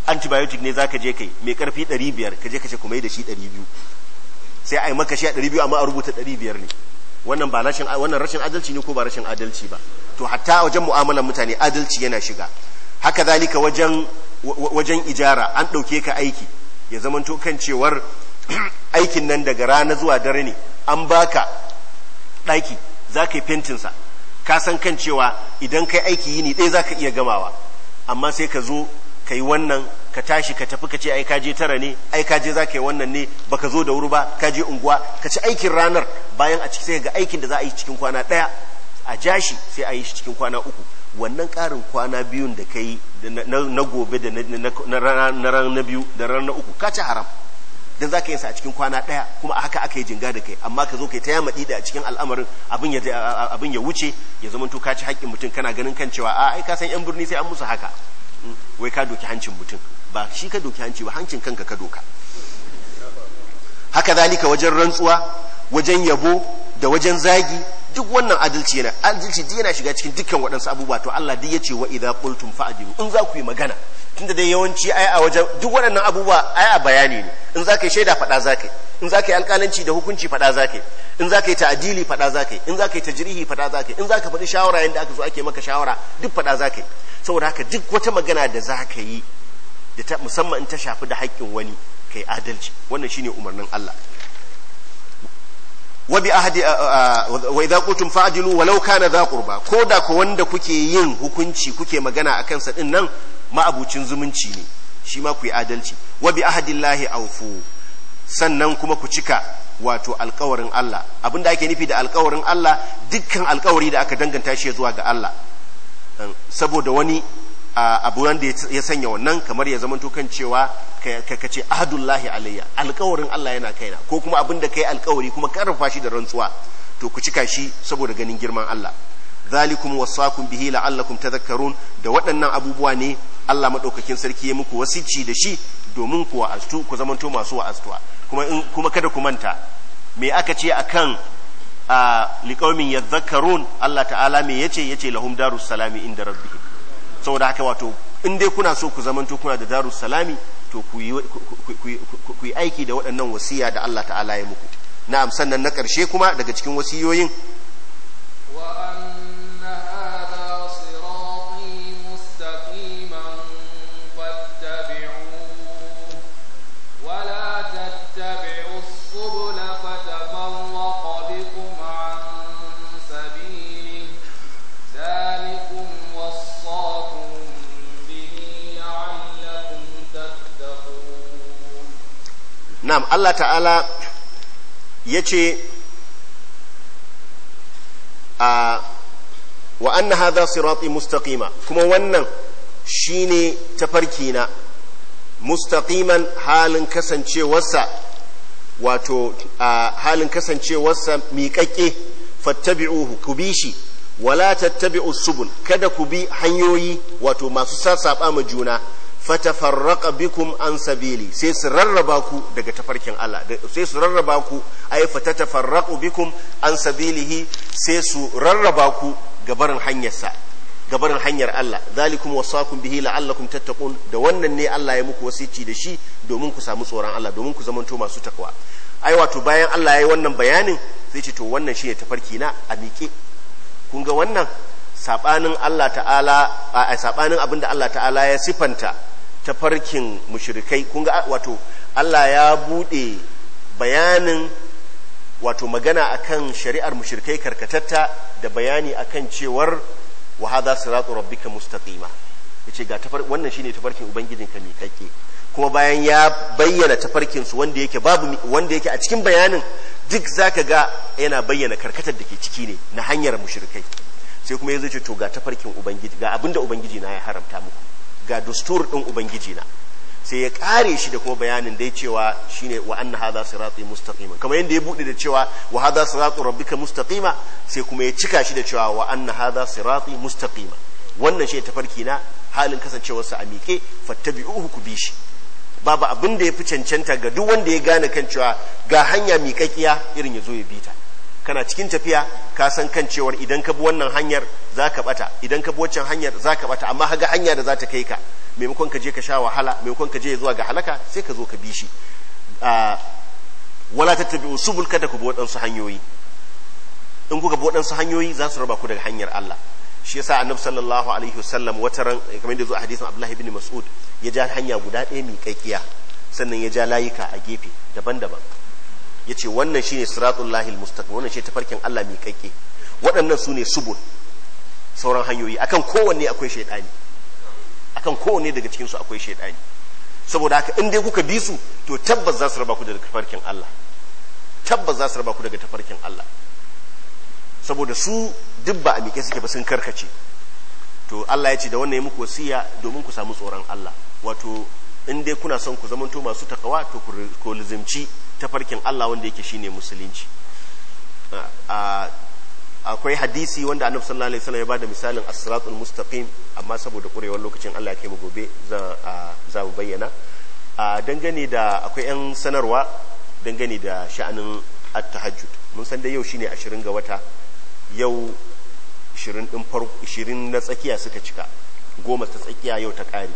antibiotic ne zaka je kai mai karfi 500 ka je ka ce kuma da shi 200 sai a yi maka shi a 200 amma a rubuta 500 ne wannan rashin adalci ne ko ba rashin adalci ba to hatta wajen mu'amalar mutane adalci yana shiga haka zalika wajen wajen ijara an ɗauke ka aiki ya zamanto kan cewar aikin nan daga rana zuwa dare ne an baka ɗaki za ka yi fentinsa ka san kan cewa idan kai aiki yini ɗaya za ka iya gamawa amma sai ka zo ka yi wannan ka tashi ka tafi ka ce ai je tara ne ai je za ka yi wannan ne ba ka zo da wuri ba ka je unguwa ka ci aikin ranar bayan a ciki sai ga aikin da za a yi cikin kwana ɗaya a jashi sai a yi shi cikin kwana uku wannan ƙarin kwana biyun da ka yi na gobe da na rana na biyu da rana uku ka ci haram dan zaka yi sa a cikin kwana daya kuma a haka aka yi jinga da kai amma ka zo kai ta yamadi da a cikin al'amarin abin ya wuce ya zama to ka ci haƙƙin mutum kana ganin kan cewa a ai ka san yan birni sai an musu haka mm. wai ka doki hancin mutum ba shi ka doki hanci ba hancin kanka ka doka haka zalika wajen rantsuwa wajen yabo da wajen zagi duk wannan adalci yana adalci duk yana shiga cikin dukkan waɗansu abubuwa to Allah duk ya ce wa idza qultum fa'dilu in za ku yi magana tunda dai yawanci ai a wajen duk waɗannan abubuwa ai a bayani ne in za ka yi shaida faɗa za ka yi in za ka yi alƙalanci da hukunci faɗa za ka yi in za ka yi ta'adili faɗa za ka yi in za ka yi tajrihi faɗa za ka yi in za ka faɗi shawara yadda aka zo ake maka shawara duk faɗa za ka yi saboda haka duk wata magana da za ka yi da musamman in ta shafi da haƙƙin wani ka adalci wannan shine umarnin Allah wa bi ahadi wa idza qultum fa'dilu walau kana dha qurba ko da ko wanda kuke yin hukunci kuke magana akan sa din nan ma'abucin zumunci ne shi ma ku yi adalci wa bi ahadillahi awfu sannan kuma ku cika wato alkawarin Allah abinda ake nufi da alkawarin Allah dukkan alkawari da aka danganta shi zuwa ga Allah saboda wani abu wanda ya sanya wannan kamar ya zamanto kan cewa ka ce ahadullahi alayya alkawarin Allah yana kaina ko kuma abinda kai alkawari kuma karfafa shi da rantsuwa to ku cika shi saboda ganin girman Allah zalikum wasakum bihi la'allakum tadhakkarun da waɗannan abubuwa ne Allah madaukakin sarki ya muku wasici da shi domin ku wa'astu ku zamanto masu wa'astuwa kuma in kuma kada ku manta me aka ce akan a liqaumin yadhakkarun Allah ta'ala me yace yace lahum darus salami inda rabbihim saboda haka wato in dai kuna so ku zamanto kuna da darus salami to ku yi aiki da waɗannan wasiya da Allah ta'ala ya muku na'am sannan na ƙarshe kuma daga cikin wasiyoyin na'am Allah ta'ala ya ce a wa anna hadha sirati mustaqima kuma wannan shine tafarki na mustaqiman halin kasancewarsa wato a halin kasancewarsa miƙaƙe fattabi'uhu ku bi shi wala tattabi'u subul kada ku bi hanyoyi wato masu sassaɓa ma juna fatafarraqa bikum an sabili sai su rarraba ku daga tafarkin Allah sai su rarraba ku ai fatatafarraqu bikum an sabilihi sai su rarraba ku gabarin hanyarsa gabarin hanyar Allah zalikum wasakum bihi la'allakum tattaqun da wannan ne Allah ya muku wasici da shi domin ku samu tsoron Allah domin ku zamanto masu takwa ai wato bayan Allah ya yi wannan bayanin sai ce to wannan shine tafarki na a miƙe kun ga wannan sabanin Allah ta'ala a sabanin abinda Allah ta'ala ya sifanta tafarkin mushrikai kun ga wato Allah ya bude bayanin wato magana akan shari'ar mushrikai karkatatta da bayani akan cewar wa hadha siratu rabbika mustaqima yace ga tafar wannan shine tafarkin ubangijinka mai kake kuma bayan ya bayyana tafarkin su wanda yake babu wanda yake a cikin bayanin duk zaka ga yana bayyana karkatar da ke ciki ne na hanyar mushrikai sai kuma yanzu ce to ga tafarkin ubangiji ga abinda ubangiji na ya haramta muku ga dustur ɗin ubangiji na sai ya kare shi da kuma bayanin dai cewa shine wa anna hadha sirati mustaqima kamar yanda ya bude da cewa wa hadha siratu rabbika mustaqima sai kuma ya cika shi da cewa wa anna hadha sirati mustaqima wannan shi tafarki na halin kasancewar sa a miƙe fattabi'uhu ku bi shi babu abin da ya fi cancanta ga duk wanda ya gane kan cewa ga hanya miƙaƙiya irin ya zo ya bi ta kana cikin tafiya ka san kan cewar idan ka bi wannan hanyar za ka bata idan ka bi wancan hanyar za ka bata amma haga hanya da za ta kai ka maimakon ka je ka sha wahala maimakon ka je zuwa ga halaka sai ka zo ka bi shi wala ta tabi usubul kada ku bi waɗansu hanyoyi in kuka bi waɗansu hanyoyi za su raba ku daga hanyar Allah shi yasa annabi sallallahu alaihi wasallam wata ran kamar da zuwa hadisin Abdullah ibn Mas'ud ya ja hanya guda ɗaya miƙaƙiya sannan ya ja layuka a gefe daban-daban ya ce wannan shi ne lahil mustaqim wannan shi tafarkin Allah mai kaike waɗannan su ne subul sauran hanyoyi akan kowanne akwai shaidani akan kowanne daga cikin su akwai shaidani saboda haka in dai kuka bi su to tabbas za su raba ku daga tafarkin Allah tabbas za su raba ku daga tafarkin Allah saboda su duk ba a miƙe suke ba sun karkace to Allah ya ce da wannan ya muku wasiya domin ku samu tsoron Allah wato in dai kuna son ku zamanto masu takawa to ku lizimci tafarkin Allah wanda yake shine musulunci akwai hadisi wanda annabi sallallahu alaihi wasallam ya bada misalin as-siratul mustaqim amma saboda kurewar lokacin Allah ya kai mu gobe za mu bayyana dangane da akwai yan sanarwa dangane da sha'anin at-tahajjud mun san da yau shine 20 ga wata yau 20 din farko 20 na tsakiya suka cika goma ta tsakiya yau ta kare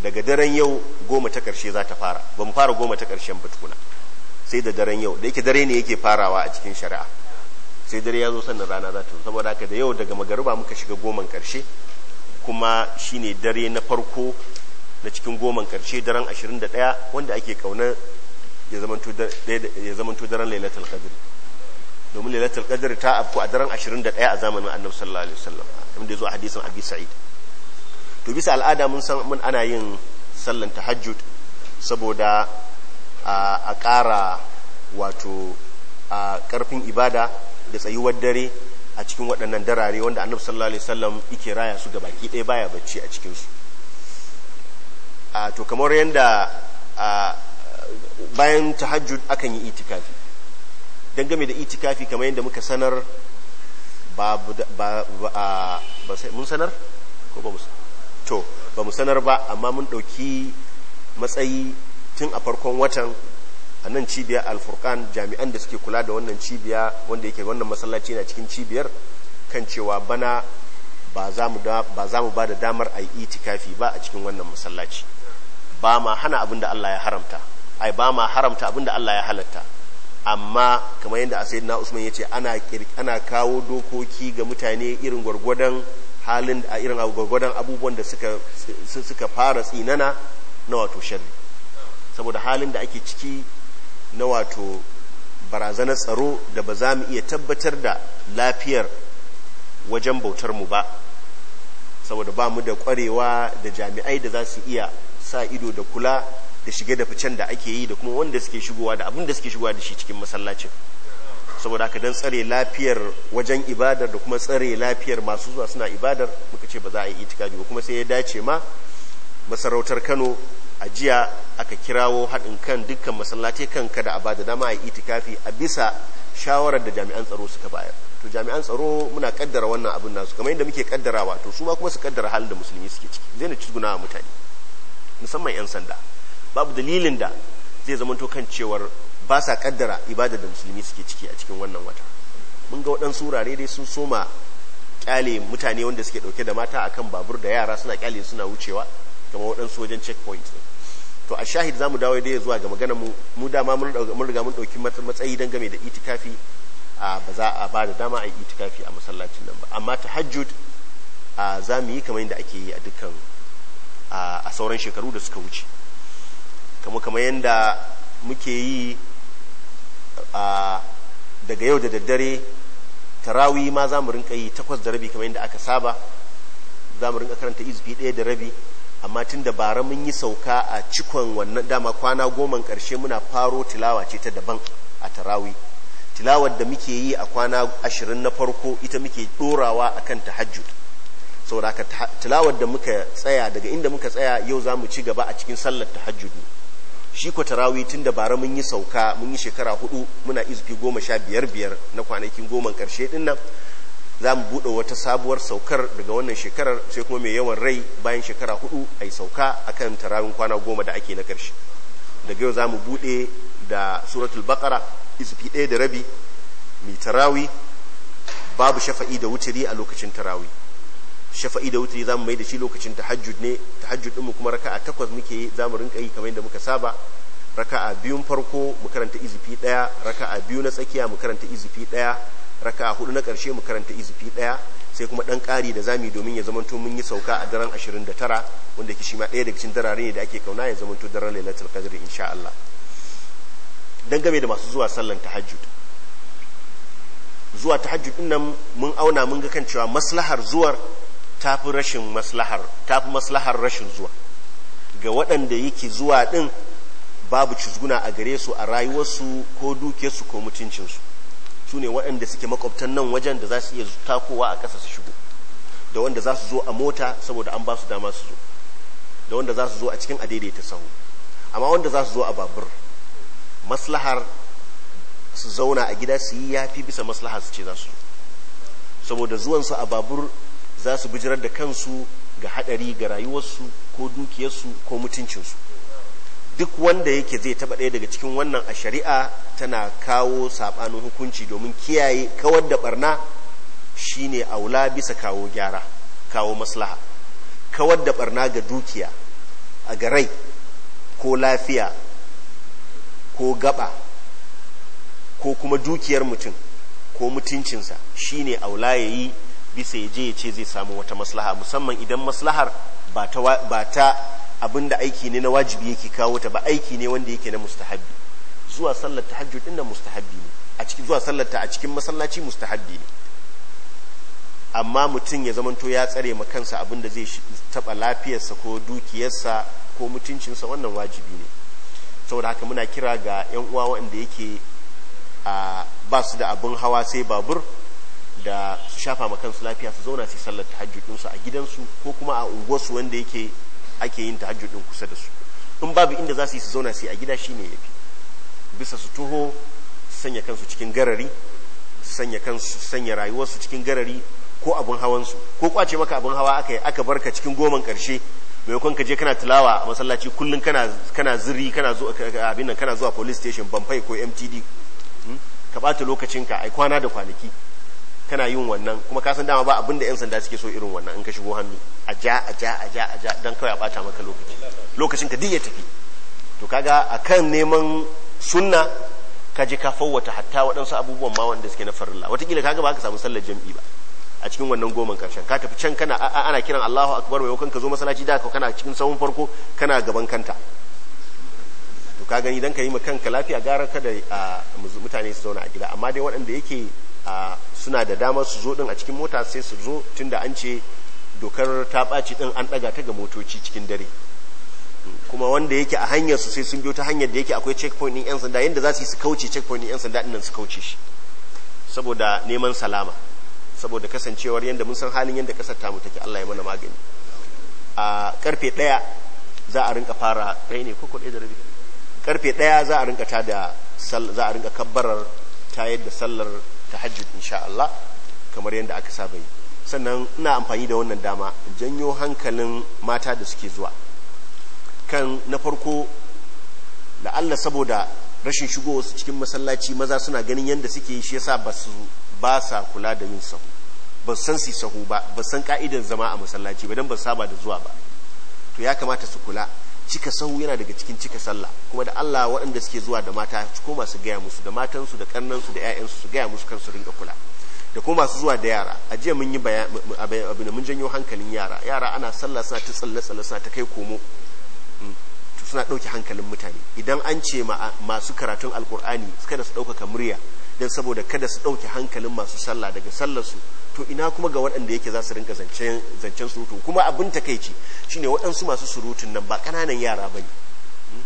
daga daren yau goma ta ƙarshe za ta fara ba mu fara goma ta karshen ba tukuna sai da daren yau da yake dare ne yake farawa a cikin shari'a sai dare ya zo sannan rana za ta saboda haka da yau daga magariba muka shiga goman karshe kuma shine dare na farko na cikin goman karshe daren 21 wanda ake kauna ya zamanto daren lailatul qadr domin lailatul qadr ta afku a daren 21 a zamanin annabi sallallahu alaihi wasallam inda yazo hadisin abi sa'id to bisa al'ada mun san mun ana yin sallan tahajjud saboda a ƙara wato a ƙarfin ibada da tsayuwar dare a cikin waɗannan darare wanda annabi sallallahu alaihi wasallam yake raya su baki ɗaya baya bacci a cikin su a to kamar yanda a bayan tahajjud akan yi itikafi game da itikafi kamar yanda muka sanar ba ba ba mun sanar ko ba mu to ba mu sanar ba amma mun ɗauki matsayi tun a farkon watan a nan cibiyar alfurkan jami'an da suke kula da wannan cibiya wanda yake wannan masallaci na cikin cibiyar kan cewa bana ba za mu ba da damar a yi itikafi ba a cikin wannan masallaci ba ma hana abin da Allah ya haramta ai ba ma haramta abin da Allah ya halatta amma kamar yadda a sayyidina Usman ya ce ana kawo dokoki ga mutane irin gwargwadon halin a irin gwargwadon abubuwan da suka fara tsinana na wato sharri saboda halin da ake ciki na wato barazanar tsaro da ba za mu iya tabbatar da lafiyar wajen bautar mu ba saboda ba mu da kwarewa da jami'ai da za su iya sa ido da kula da shige da ficen da ake yi da kuma wanda suke shigowa da abin da suke shigowa da shi cikin masallacin saboda aka dan tsare lafiyar wajen ibadar da kuma tsare lafiyar masu zuwa suna ibadar muka ce ba za a yi itikadi ba kuma sai ya dace ma masarautar kano a jiya aka kirawo haɗin kan dukkan masallaci kan kada a bada dama a itikafi a bisa shawarar da jami'an tsaro suka bayar to jami'an tsaro muna kaddara wannan abin nasu kamar yadda muke kaddarawa to su ma kuma su kaddara halin da musulmi suke ciki zai na wa mutane musamman 'yan sanda babu dalilin da zai zama to kan cewar ba sa kaddara ibada da musulmi suke ciki a cikin wannan wata mun ga waɗansu wurare dai sun soma kyale mutane wanda suke ɗauke da mata akan babur da yara suna kyale suna wucewa kamar waɗansu wajen checkpoint to a shahid zamu dawo dai zuwa ga magana mu dama mun riga mun dauki matsayi game da itikafi a ba za a ba da dama a itikafi a masallacin nan ba amma tahajjud a mu yi kamar yadda ake yi a dukkan a sauran shekaru da suka wuce kamar kamar yadda muke yi a daga yau da daddare tarawi ma za mu rinka yi takwas da rabi kamar yadda aka saba za mu rinka karanta izbi ɗaya da rabi amma tun da bara mun yi sauka a cikon wannan dama kwana goma ƙarshe muna faro tilawa ce ta daban a tarawi tilawar da muke yi a kwana ashirin na farko ita muke ɗorawa a kan tahajjud saboda tilawar da muka tsaya daga inda muka tsaya yau za mu ci gaba a cikin sallar tahajjud ne shi ko tarawi tun da bara mun yi sauka mun yi shekara hudu muna izufi goma sha biyar biyar na kwanakin goma ƙarshe ɗin za mu buɗe wata sabuwar saukar daga wannan shekarar sai kuma mai yawan rai bayan shekara hudu a yi sauka kan tarawin kwana goma da ake na ƙarshe daga yau za mu buɗe da suratul baƙara isufi ɗaya da rabi mai tarawi babu shafa'i da wuturi a lokacin tarawi shafa'i da wuturi za mu mai da shi lokacin tahajjud ne tahajjud ɗinmu kuma raka'a takwas muke yi za mu rinka yi kamar yadda muka saba raka'a biyun farko mu karanta izifi ɗaya raka'a biyu na tsakiya mu karanta izifi ɗaya raka hudu na karshe mu karanta izifi daya sai kuma ɗan kari da zami domin ya zamanto mun yi sauka a daren 29 wanda ke shi ma daya daga cikin darare ne da ake kauna ya zamanto daren lailatul qadr insha Allah dan game da masu zuwa sallan tahajjud zuwa tahajjud din nan mun auna mun ga kan cewa maslahar zuwar tafi rashin maslahar tafi maslahar rashin zuwa ga waɗanda yake zuwa din babu cizguna a gare su a rayuwarsu ko dukiyarsu ko mutuncinsu su ne waɗanda suke makwabtan nan wajen da za su iya takowa a ƙasa su shigo da wanda za su zo a mota saboda an ba su dama su zo da wanda za su zo a cikin ta sahu amma wanda za su zo a babur maslahar su zauna a gida su yi yafi bisa maslahar su ce za su saboda zuwansu a babur za su bijirar da kansu ga haɗari ga rayuwarsu ko dukiyarsu ko mutuncinsu duk wanda yake zai taba ɗaya daga cikin wannan a shari'a tana kawo saɓanin hukunci domin kiyaye kawar da barna shine aula bisa kawo gyara kawo maslaha kawar da barna ga dukiya a garai ko lafiya ko gaba ko kuma dukiyar mutum ko mutuncinsa shine aula ya yi bisa ya je ya ce zai samu wata maslaha musamman idan maslahar ba ta abinda aiki ne na wajibi yake kawo ta ba aiki ne wanda yake na mustahabbi zuwa sallar tahajjud din nan mustahabbi ne a cikin zuwa sallar ta a cikin masallaci mustahabbi ne amma mutum ya zamanto ya tsare ma kansa abinda zai taba lafiyarsa ko dukiyarsa ko mutuncinsa wannan wajibi ne saboda haka muna kira ga yan uwa wanda yake ba su da abin hawa sai babur da su shafa ma kansu lafiya su zauna su sallar tahajjud su a gidansu ko kuma a unguwarsu wanda yake ake yin hajju din kusa da su in babu inda za su yi su zauna su a gida shi ya yafi bisa su tuho sanya kansu cikin garari sanya kansu sanya rayuwarsu cikin garari ko abun hawansu ko kwace maka abin hawa aka aka barka cikin goman karshe maimakon ka je kana tilawa a masallaci kullum kana kana kana zuwa abin nan kana zuwa police station bamfai ko mtd hmm? ka bata lokacinka ai kwana da kwanaki kana yin wannan kuma ka san dama ba abin da 'yan sanda suke so irin wannan in ka shigo hannu a ja a ja a ja a ja don kawai a bata maka lokaci lokacin ka ya tafi to kaga a kan neman sunna ka je ka fawwata hatta waɗansu abubuwan ma wanda suke na farilla watakila kaga ba ka samu sallar jam'i ba a cikin wannan goman karshen ka tafi can kana ana kiran Allahu akbar maimakon ka zo masallaci da ka kana cikin sahun farko kana gaban kanta to ka gani dan ka yi ma kanka lafiya gara ka da mutane su zauna a gida amma dai waɗanda yake suna da damar su zo din a cikin mota sai su zo tunda an ce dokar ta ɓaci din an ɗaga ta ga motoci cikin dare kuma wanda yake a hanyar su sai sun biyo ta hanyar da yake akwai checkpoint din yan sanda yanda za su yi su kauce checkpoint din yan sanda din su kauce shi saboda neman salama saboda kasancewar yanda mun san halin yanda kasar tamu take Allah ya mana magani a karfe ɗaya za a rinka fara ɗaya ne ko kuɗe da rabi karfe ɗaya za a rinka ta da za a rinka kabbarar ta yadda sallar tahajjud insha Allah kamar yadda aka saba yi sannan ina amfani da wannan dama janyo hankalin mata da suke zuwa kan na farko da Allah saboda rashin shigo wasu cikin masallaci maza suna ganin yadda suke yi shi yasa ba sa kula da yin sahu ba san su sahu ba ba san ka'idan zama a masallaci ba don ba saba da zuwa ba to ya kamata su kula cika sahu yana daga cikin cika sallah kuma da Allah waɗanda suke zuwa da mata ko masu gaya musu da matansu da kannansu da ƴaƴansu su gaya musu kansu rinka kula da ko masu zuwa da yara a jiya mun yi abin mun janyo hankalin yara yara ana sallah suna ta tsalle tsalle suna ta kai komo mm. suna ɗauke hankalin mutane idan an ce masu karatun alkur'ani suka da su ɗaukaka murya don saboda kada su ɗauke hankalin masu sallah daga sallarsu to ina kuma ga waɗanda yake za su rinka zancen surutu kuma abin takaici shine waɗansu masu surutun nan ba ƙananan yara ba ne hmm?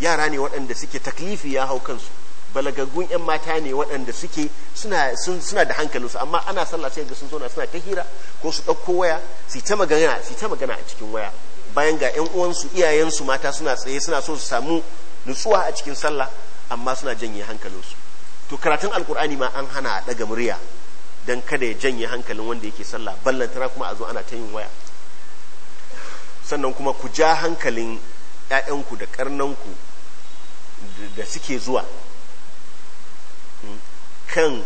yara ne waɗanda suke taklifi ya hau kansu balagaggun 'yan mata ne waɗanda suke suna da hankalinsu amma ana sallah sai ga sun zauna suna ta hira ko su ɗauko waya su ta magana su ta magana a cikin waya bayan ga 'yan uwansu iyayensu mata suna tsaye suna so su samu nutsuwa a cikin sallah amma suna janye hankalinsu to karatun alkur'ani ma an hana daga murya don kada ya janye hankalin wanda yake sallah ballantana kuma a zo ana ta yin waya sannan kuma ku ja hankalin 'ya'yanku da karnanku da suke zuwa hmm, kan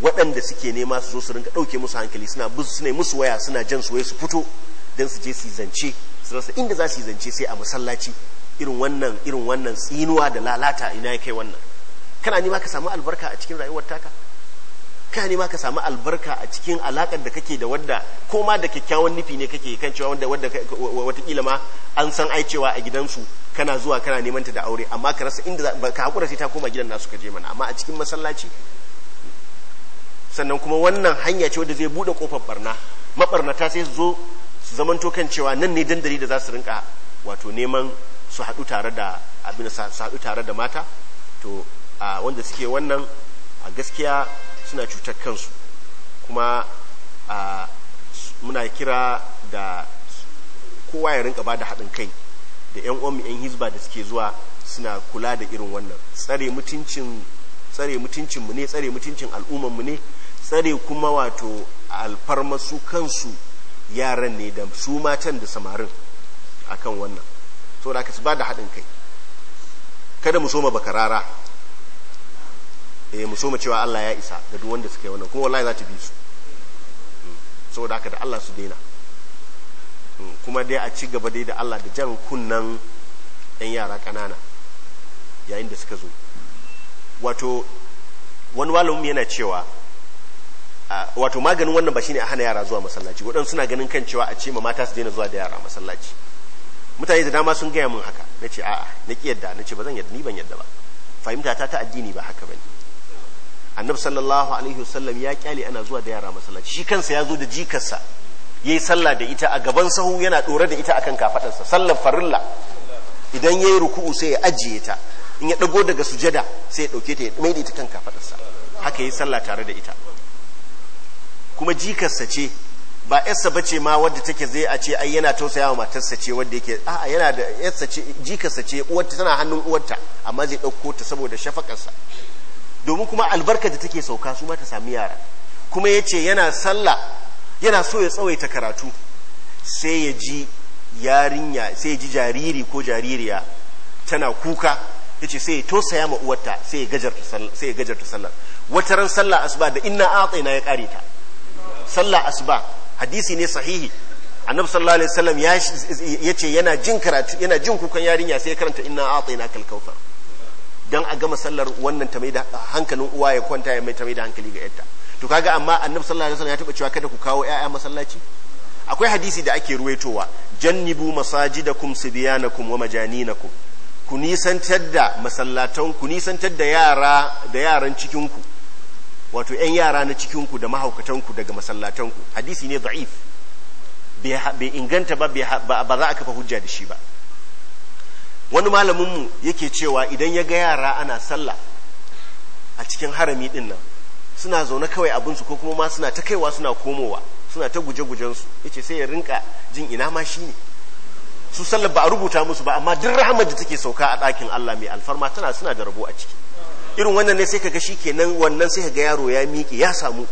waɗanda suke nema su zo su rinka ɗauke musu hankali suna suna musu waya suna jan su su fito don su je su zance su rasa inda za su zance sai a masallaci irin wannan irin wannan tsinuwa da lalata ina ya kai wannan kana nima ka samu albarka a cikin rayuwar taka kana nima ka samu albarka a cikin alakar da kake da wanda ko ma da kyakkyawan nufi ne kake kan cewa wanda wanda watakila ma an san ai cewa a gidansu kana zuwa kana neman ta da aure amma ka rasa inda ka hakura sai ta koma gidan nasu ka je mana amma a cikin masallaci sannan kuma wannan hanya ce wadda zai bude kofar barna mabarnata sai su zo su zamanto kan cewa nan ne dandali da za su rinka wato neman su haɗu tare da abin su haɗu tare da mata to a wanda suke wannan a gaskiya suna cutar kansu kuma a muna kira da kowa ya rinka ba da haɗin kai da 'yan omi 'yan hizba da suke zuwa suna kula da irin wannan tsare mutuncin tsare mutuncinmu ne tsare mutuncin al'ummanmu ne tsare kuma wato alfarma su kansu yaran ne da su matan da samarin akan wannan saboda aka su ba da haɗin kai kada mu soma bakarara E, mu so mu cewa Allah ya isa da duk wanda suka yi wannan kuma wallahi za ta bi su saboda haka da Allah su daina kuma dai a ci gaba dai da Allah da jan kunnan yan yara kanana yayin da suka zo wato wani walum yana cewa wato maganin wannan ba shine a hana yara zuwa masallaci waɗansu suna ganin kan cewa a ce ma mata su daina zuwa da yara masallaci mutane da dama sun gaya min haka na ce a'a na ƙi yadda na ce ba zan yadda ni ban yadda ba fahimta ta ta addini ba haka bane annabi sallallahu alaihi wasallam ya kyale ana zuwa da yara masallaci shi kansa ya zo da jikarsa yayi sallah da ita a gaban sahu yana dore da ita akan kafadarsa sallar farilla idan yayi ruku'u sai ya ajiye ta in ya dago daga sujada sai ya dauke ta ya maida ita kan kafadarsa haka yayi sallah tare da ita kuma jikarsa ce ba yarsa bace ma wadda take zai a ce ai yana tausaya wa matarsa ce wadda yake a'a yana da yarsa ce jikarsa ce uwarta tana hannun uwarta amma zai dauko ta saboda shafakarsa domin kuma albarka da take sauka su ma ta sami yara kuma ya ce yana sallah yana so ya tsawaita karatu sai ya ji yarinya sai ya ji jariri ko jaririya tana kuka ya ce sai ya tosaya ma uwarta sai ya gajarta sallar wata ran sallah asuba da inna na ya kare ta sallah asuba hadisi ne sahihi annabi sallallahu alaihi wasallam ya ce yana jin karatu yana jin kukan yarinya sai ya karanta inna na kalkautar don a gama sallar wannan ta da hankalin uwa ya kwanta ya mai ta da hankali ga yadda to kaga amma annabi sallallahu alaihi wasallam ya taba cewa kada ku kawo ƴaƴa masallaci akwai hadisi da ake ruwaitowa jannibu masajidakum sibyanakum wa majaninakum ku nisantar da masallatan ku nisantar da yara da yaran cikin ku wato ƴan yara na cikin ku da mahaukatan ku daga masallatan ku hadisi ne da'if bai inganta ba ba za a kafa hujja da shi ba wani malaminmu yake cewa idan ya ga yara ana sallah a cikin harami din nan suna zaune kawai abinsu ko kuma ma suna ta kaiwa suna komowa suna ta guje-gujensu ya ce sai ya rinka jin ina ma shi ne su sallar ba a rubuta musu ba amma duk rahamar da take sauka a ɗakin Allah mai alfarma tana suna da rabo a ciki irin wannan ne sai ka ga shi kenan wannan sai ka ga yaro ya miƙe ya samu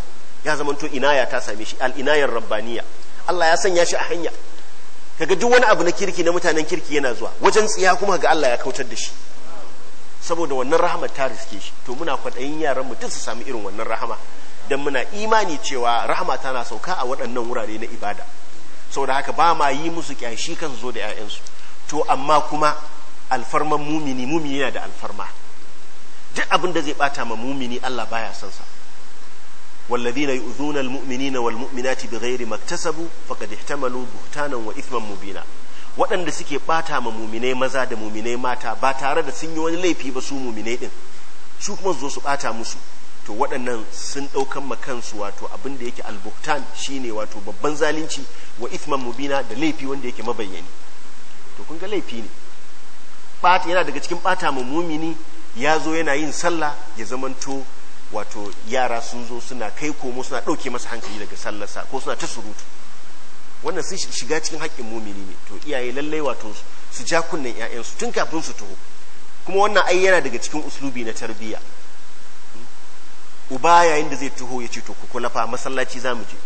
ya zamanto inaya ta same shi al'inayar rabbaniya Allah ya sanya shi a hanya kaga duk wani abu na kirki na mutanen kirki yana zuwa wajen tsiya kuma ga Allah ya kautar da shi saboda wannan rahama ta riske shi to muna kwaɗayin yaran mu duk su samu irin wannan rahama dan muna imani cewa rahama tana sauka a waɗannan wurare na ibada saboda haka ba ma yi musu kyashi kan zo da 'ya'yansu to amma kuma alfarman mumini mumini yana da alfarma duk abin da zai bata ma mumini Allah baya son sa والذين يؤذون المؤمنين والمؤمنات بغير ما اكتسبوا فقد buhutanan بهتانا واثما مبينا waɗanda suke ɓata ma muminai maza da muminai mata ba tare da sun yi wani laifi ba su muminai ɗin su kuma zo su ɓata musu to waɗannan sun ɗaukan ma kansu wato abin da yake albuhtan shine wato babban zalunci wa ithman mubina da laifi wanda yake mabayyani to kun ga laifi ne yana daga cikin ɓata ma mumini ya zo yana yin sallah ya zamanto wato yara sun zo suna kai komo suna ɗauke masa hankali daga sallasa ko suna ta surutu wannan sun shiga cikin haƙƙin mumini ne to iyaye lallai wato su ja kunnen 'ya'yansu tun kafin su taho kuma wannan ai yana daga cikin uslubi na tarbiyya uba yayin da zai taho ya ce to ku kula masallaci za mu je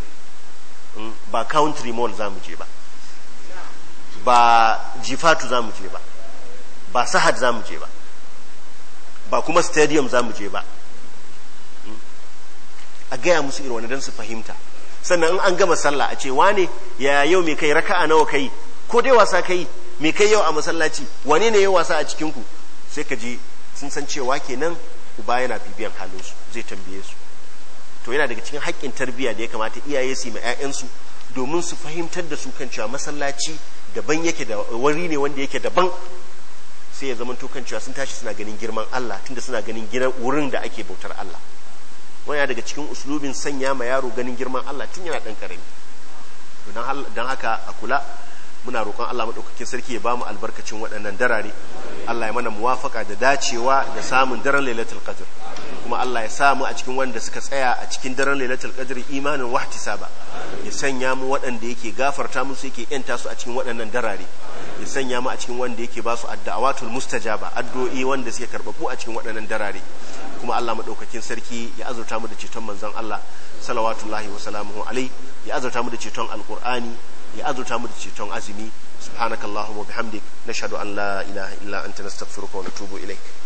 hmm, ba country mall za mu je ba ba jifatu za mu je ba ba sahad za mu je ba ba kuma stadium za mu je ba a gaya musu irin wani don su fahimta sannan in an gama sallah a ce wane ya yau mai kai raka'a nawa kai ko dai wasa kai mai kai yau a masallaci wane ne ya wasa a cikin ku sai ka je sun san cewa kenan uba yana bibiyan halin su zai tambaye su to yana daga cikin haƙƙin tarbiyya da ya kamata iyaye su ma ƴaƴansu domin su fahimtar da su kan cewa masallaci daban yake da wari ne wanda yake daban sai ya zama to kan cewa sun tashi suna ganin girman Allah tunda suna ganin gidan wurin da ake bautar Allah wani daga cikin uslubin sanya ma yaro ganin girman Allah tun yana dan karami don haka a kula muna roƙon Allah maɗaukakin sarki ya bamu albarkacin waɗannan darare Allah ya mana muwafaka da dacewa da samun daren lailatul qadr kuma Allah ya samu a cikin wanda suka tsaya a cikin daren lailatul qadri imanin ba ya sanya mu waɗanda yake gafarta musu yake yanta su a cikin waɗannan darare ya sanya mu a cikin wanda yake ba su addu'awatul mustajaba addu'o'i wanda suke karbabu a cikin waɗannan darare kuma Allah madaukakin sarki ya azurta mu da ceton manzon Allah salawatullahi wa salamuhu alai ya azurta mu da ceton alqur'ani ya azurta mu da ceton azumi subhanakallahumma bihamdik nashhadu an la ilaha illa anta nastaghfiruka wa natubu ilaik